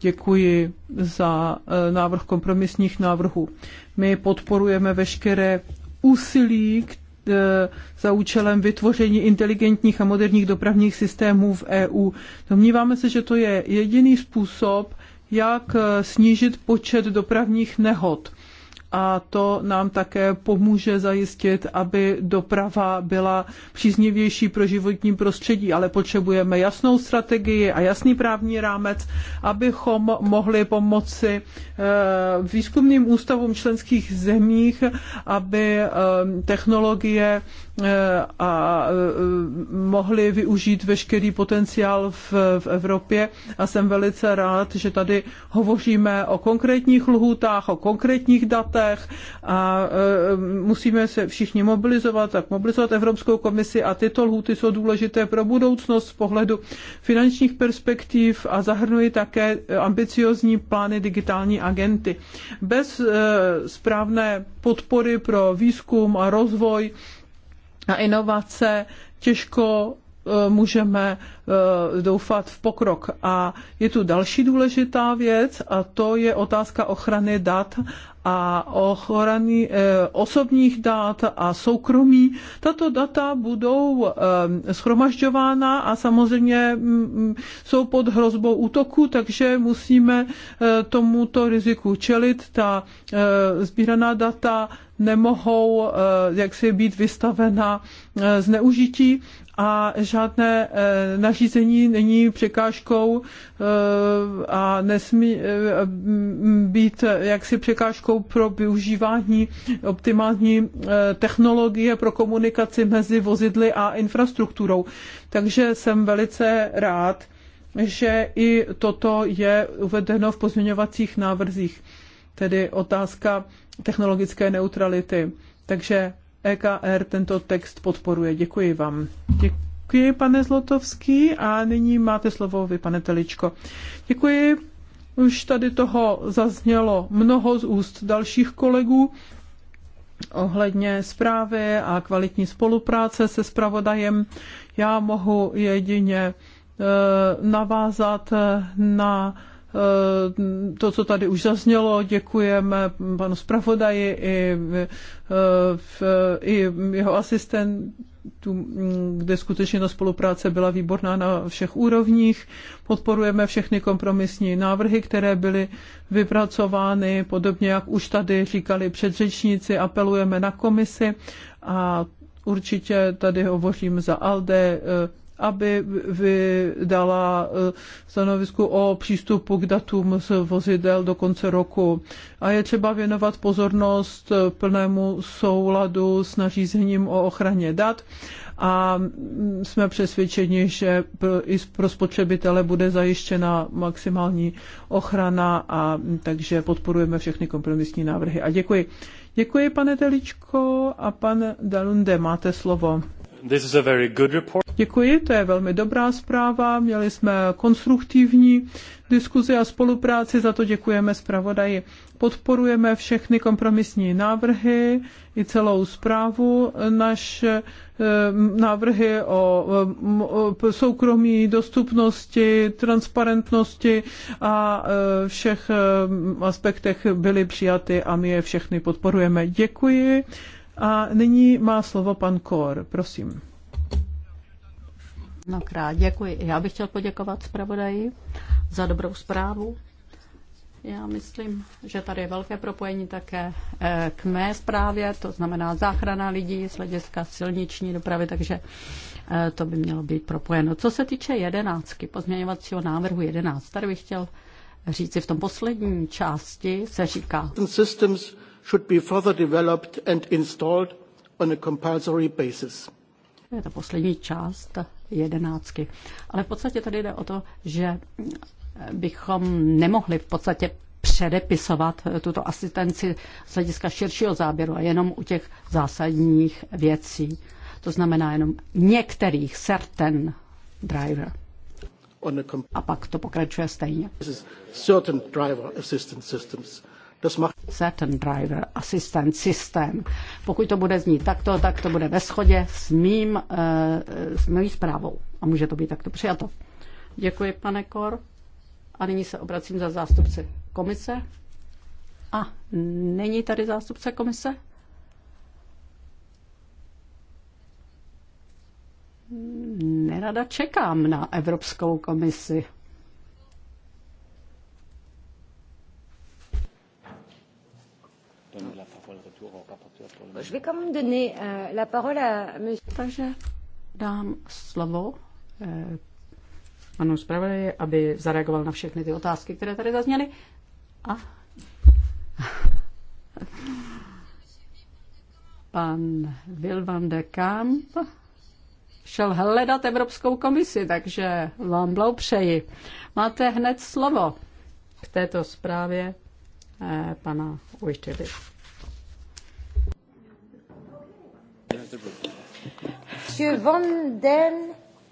Děkuji za e, návrh kompromisních návrhů. My podporujeme veškeré úsilí e, za účelem vytvoření inteligentních a moderních dopravních systémů v EU. Domníváme se, že to je jediný způsob, jak e, snížit počet dopravních nehod a to nám také pomůže zajistit, aby doprava byla příznivější pro životní prostředí, ale potřebujeme jasnou strategii a jasný právní rámec, abychom mohli pomoci eh, výzkumným ústavům členských zemích, aby eh, technologie Eh, a eh, mohli využít veškerý potenciál v, v Evropě. A jsem velice rád, že tady hovoříme o konkrétních lhůtách, o konkrétních datech a eh, musíme se všichni mobilizovat, tak mobilizovat Evropskou komisi a tyto lhůty jsou důležité pro budoucnost z pohledu finančních perspektiv a zahrnují také ambiciozní plány digitální agenty. Bez správné podpory pro výzkum a rozvoj na inovace těžko eh, můžeme eh, doufat v pokrok. A je tu další důležitá věc a to je otázka ochrany dat a ochrany eh, osobních dat a soukromí. Tato data budou eh, schromažďována a samozřejmě mm, mm, jsou pod hrozbou útoku, takže musíme eh, tomuto riziku čelit. Ta sbíraná data nemohou jaksi být vystavena zneužití a žádné nařízení není překážkou a nesmí být jaksi překážkou jsou pro využívání optimální eh, technologie pro komunikaci mezi vozidly a infrastrukturou. Takže jsem velice rád, že i toto je uvedeno v pozměňovacích návrzích, tedy otázka technologické neutrality. Takže EKR tento text podporuje. Děkuji vám. Děkuji, pane Zlotovský, a nyní máte slovo vy, pane Teličko. Děkuji, už tady toho zaznělo mnoho z úst dalších kolegů ohledně zprávy a kvalitní spolupráce se zpravodajem. Já mohu jedině eh, navázat eh, na eh, to, co tady už zaznělo, děkujeme panu zpravodaji i, i jeho asistent, tu, mm, kde skutečně ta spolupráce byla výborná na všech úrovních. Podporujeme všechny kompromisní návrhy, které byly vypracovány, podobně jak už tady říkali předřečníci, apelujeme na komisi a určitě tady hovořím za ALDE, eh, aby vydala eh, stanovisku o přístupu k datům z vozidel do konce roku. A je třeba věnovat pozornost eh, plnému souladu s nařízením o ochraně dat a mm, jsme přesvědčeni, že i pro spotřebitele bude zajištěna maximální ochrana a mm, takže podporujeme všechny kompromisní návrhy. A děkuji. Děkuji, pane Teličko a pan Dalunde, máte slovo. This is a very good report. Děkuji, to je velmi dobrá zpráva. Měli jsme konstruktivní diskuzi a spolupráci, za to děkujeme zpravodaji. Podporujeme všechny kompromisní návrhy i celou zprávu. Naše eh, návrhy o soukromí, dostupnosti, transparentnosti a eh, všech eh, aspektech byly přijaty a my je všechny podporujeme. Děkuji. A nyní má slovo pan Kor, prosím. No krát, děkuji. Já bych chtěl poděkovat zpravodaji za dobrou zprávu. Já myslím, že tady je velké propojení také eh, k mé zprávě, to znamená záchrana lidí z hlediska silniční dopravy, takže eh, to by mělo být propojeno. Co se týče jedenáctky, pozměňovacího návrhu jedenáct, tady bych chtěl říci v tom poslední části se říká systems should be further developed and installed on a compulsory basis. Je ta poslední část jedenáctky. Ale v podstatě tady jde o to, že bychom nemohli v podstatě předepisovat tuto asistenci z hlediska širšího záběru a jenom u těch zásadních věcí. To znamená jenom některých certain driver. A pak to pokračuje stejně. Certain driver assistance systems. Das macht Saturn Driver, asistent Pokud to bude znít takto, tak to bude ve shodě s, mým, eh, s mým zprávou. A může to být takto přijato. Děkuji, pane Kor. A nyní se obracím za zástupce komise. A není tady zástupce komise? Nerada čekám na Evropskou komisi. Euh, takže dám slovo eh, panu zpravodaji, aby zareagoval na všechny ty otázky, které tady zazněly. A pan Will van de Kamp šel hledat Evropskou komisi, takže vám blahopřeji. Máte hned slovo k této zprávě eh, pana Ujtily. Monsieur Van Den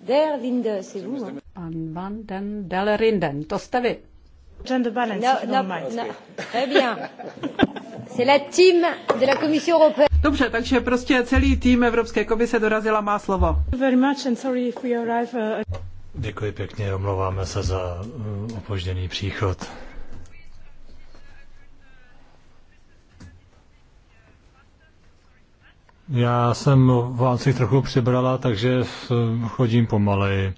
Der Linde, c'est vous. Hein? Van Den Der Linde, to jste vy. Gender balance, no, no, no. Très bien. C'est la team de la Commission européenne. Dobře, takže prostě celý tým Evropské komise dorazila má slovo. Uh, Děkuji pěkně, omlouváme se za uh, opožděný příchod. Já jsem v Vánocích trochu přibrala, takže chodím pomaleji.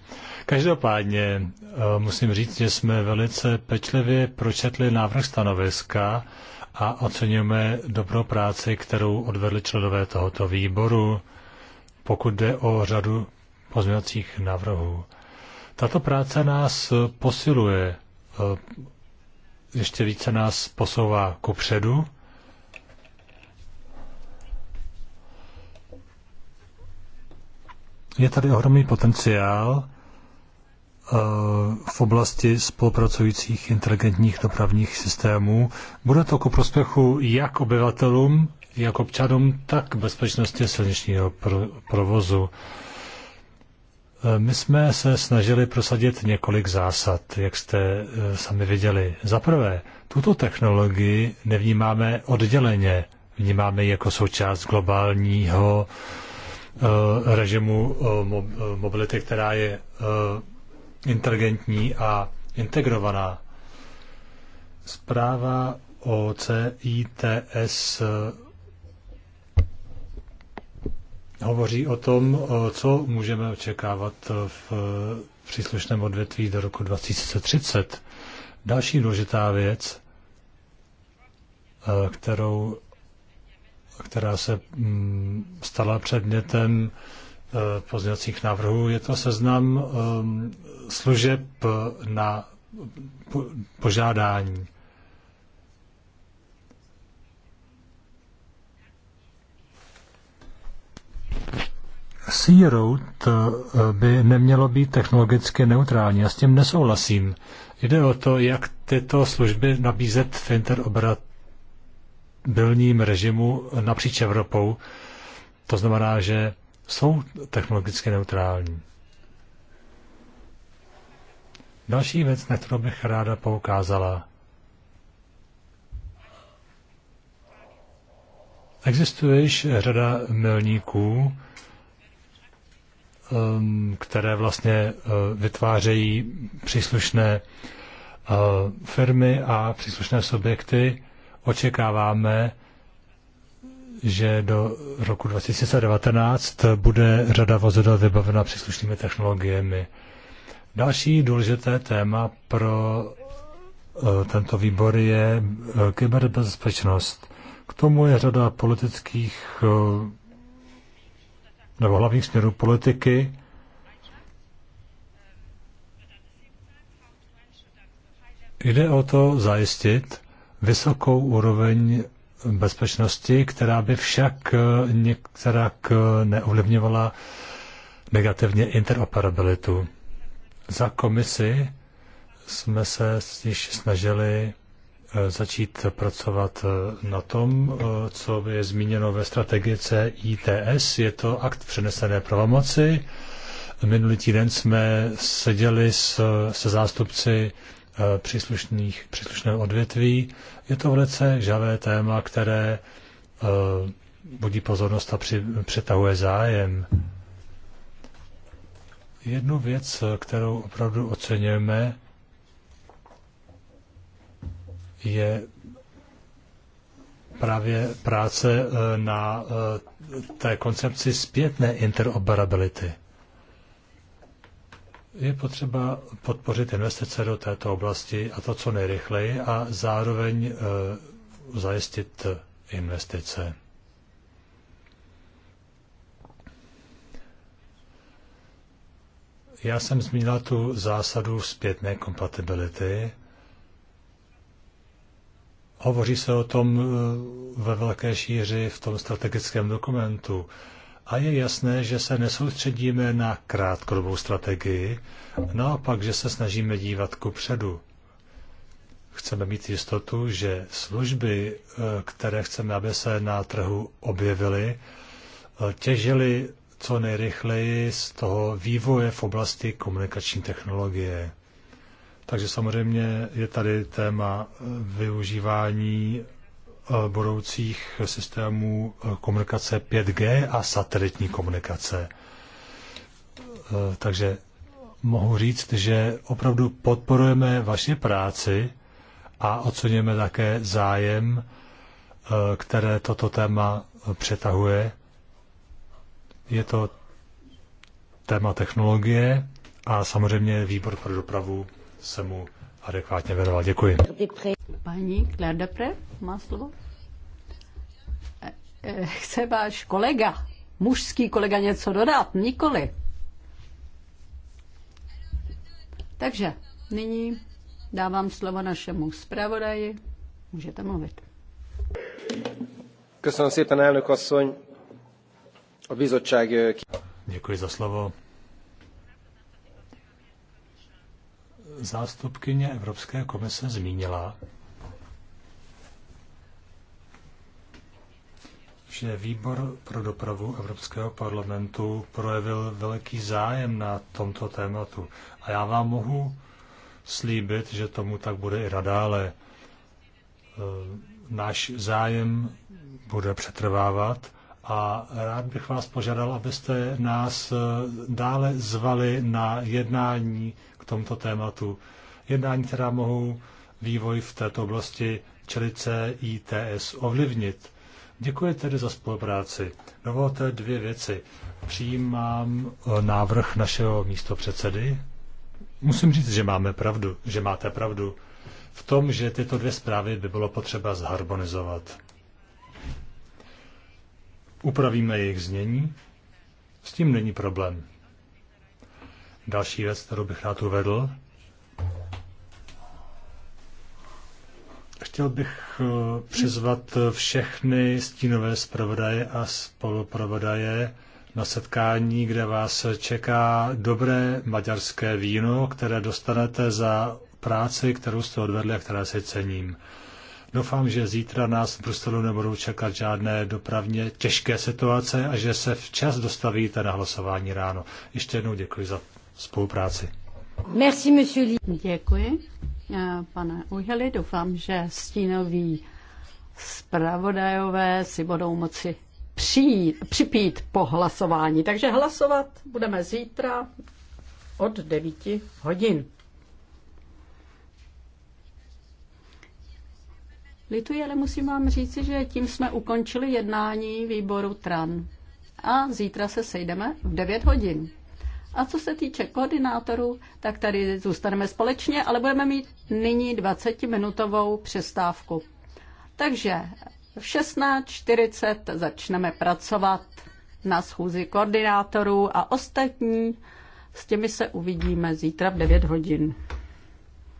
Každopádně eh, musím říct, že jsme velice pečlivě pročetli návrh stanoviska a oceňujeme dobrou práci, kterou odvedli členové tohoto výboru, pokud jde o řadu pozměňovacích návrhů. Tato práce nás posiluje, eh, ještě více nás posouvá ku předu Je tady ohromný potenciál eh, v oblasti spolupracujících inteligentních dopravních systémů. Bude to ku prospěchu jak obyvatelům, jak občanům, tak bezpečnosti silničního provozu. Eh, my jsme se snažili prosadit několik zásad, jak jste eh, sami viděli. Za prvé, tuto technologii nevnímáme odděleně, vnímáme ji jako součást globálního Eh, režimu eh, eh, mobility, která je inteligentní a integrovaná. Zpráva o CITS hovoří o tom, co můžeme očekávat v příslušném odvětví do roku 2030. Další důležitá věc, kterou která se mm, stala předmětem eh, pozměňovacích návrhů. Je to seznam ehm, služeb eh, na požádání. Sea Road eh, by nemělo být technologicky neutrální. Já s tím nesouhlasím. Jde o to, jak tyto služby nabízet v interoperat, mobilním režimu napříč Evropou. To znamená, že jsou technologicky neutrální. Další věc, na kterou bych ráda poukázala. Existuje již řada milníků, um, které vlastně uh, vytvářejí příslušné uh, firmy a příslušné subjekty, Očekáváme, že do roku 2019 bude řada vozidel vybavena příslušnými technologiemi. Další důležité téma pro eh, tento výbor je eh, kyberbezpečnost. K tomu je řada politických eh, nebo hlavních směrů politiky. Jde o to zajistit, vysokou úroveň bezpečnosti, která by však eh, některá eh, neovlivňovala negativně interoperabilitu. Za komisi jsme se již snažili eh, začít pracovat na tom, co je zmíněno ve strategii CITS. Je to akt přenesené pravomoci. Minulý týden jsme seděli s, se zástupci Eh, příslušných, příslušného odvětví. Je to velice žavé téma, které eh, budí pozornost a přetahuje zájem. Jednu věc, kterou opravdu oceňujeme, je právě práce eh, na té koncepci zpětné interoperability. Je potřeba podpořit investice do této oblasti a to co nejrychleji a zároveň e, zajistit investice. Já jsem zmínila tu zásadu zpětné kompatibility. Hovoří se o tom e, ve velké šíři v tom strategickém dokumentu a je jasné, že se nesoustředíme na krátkodobou strategii, naopak, že se snažíme dívat ku předu. Chceme mít jistotu, že služby, eh, které chceme, aby se na trhu objevily, eh, těžily co nejrychleji z toho vývoje v oblasti komunikační technologie. Takže samozřejmě je tady téma eh, využívání Eh, budoucích systémů eh, komunikace 5G a satelitní komunikace. Eh, takže mohu říct, že opravdu podporujeme vaši práci a oceňujeme také zájem, které toto téma přetahuje. Je to téma technologie a samozřejmě výbor pro dopravu se mu adekvátně věnoval. Děkuji. Paní Claire Depre má slovo. Eh, eh, chce váš kolega, mužský kolega něco dodat? Nikoli. Takže nyní dávám slovo našemu zpravodaji. Můžete mluvit. Köszönöm szépen, elnök asszony. A bizottság... Eh, Děkuji za slovo. zástupkyně Evropské komise zmínila, že výbor pro dopravu Evropského parlamentu projevil veliký zájem na tomto tématu. A já vám mohu slíbit, že tomu tak bude i nadále. E, náš zájem bude přetrvávat a rád bych vás požádal, abyste nás eh, dále zvali na jednání k tomuto tématu. Jednání, která mohou vývoj v této oblasti čelice ITS ovlivnit. Děkuji tedy za spolupráci. Dovolte dvě věci. Přijímám eh, návrh našeho místopředsedy. Musím říct, že máme pravdu, že máte pravdu v tom, že tyto dvě zprávy by bylo potřeba zharmonizovat upravíme jejich znění, s tím není problém. Další věc, kterou bych rád uvedl, Chtěl bych eh, přizvat všechny stínové zpravodaje a spolupravodaje na setkání, kde vás čeká dobré maďarské víno, které dostanete za práci, kterou jste odvedli a které si cením. Doufám, že zítra nás v Bruselu nebudou čekat žádné dopravně těžké situace a že se včas dostavíte na hlasování ráno. Ještě jednou děkuji za spolupráci. Merci, monsieur Lee. Děkuji, eh, pane Uheli. Doufám, že stínoví zpravodajové si budou moci přijít, připít po hlasování. Takže hlasovat budeme zítra od 9 hodin. Lituji, ale musím vám říci, že tím jsme ukončili jednání výboru TRAN. A zítra se sejdeme v 9 hodin. A co se týče koordinátorů, tak tady zůstaneme společně, ale budeme mít nyní 20-minutovou přestávku. Takže v 16.40 začneme pracovat na schůzi koordinátorů a ostatní. S těmi se uvidíme zítra v 9 hodin.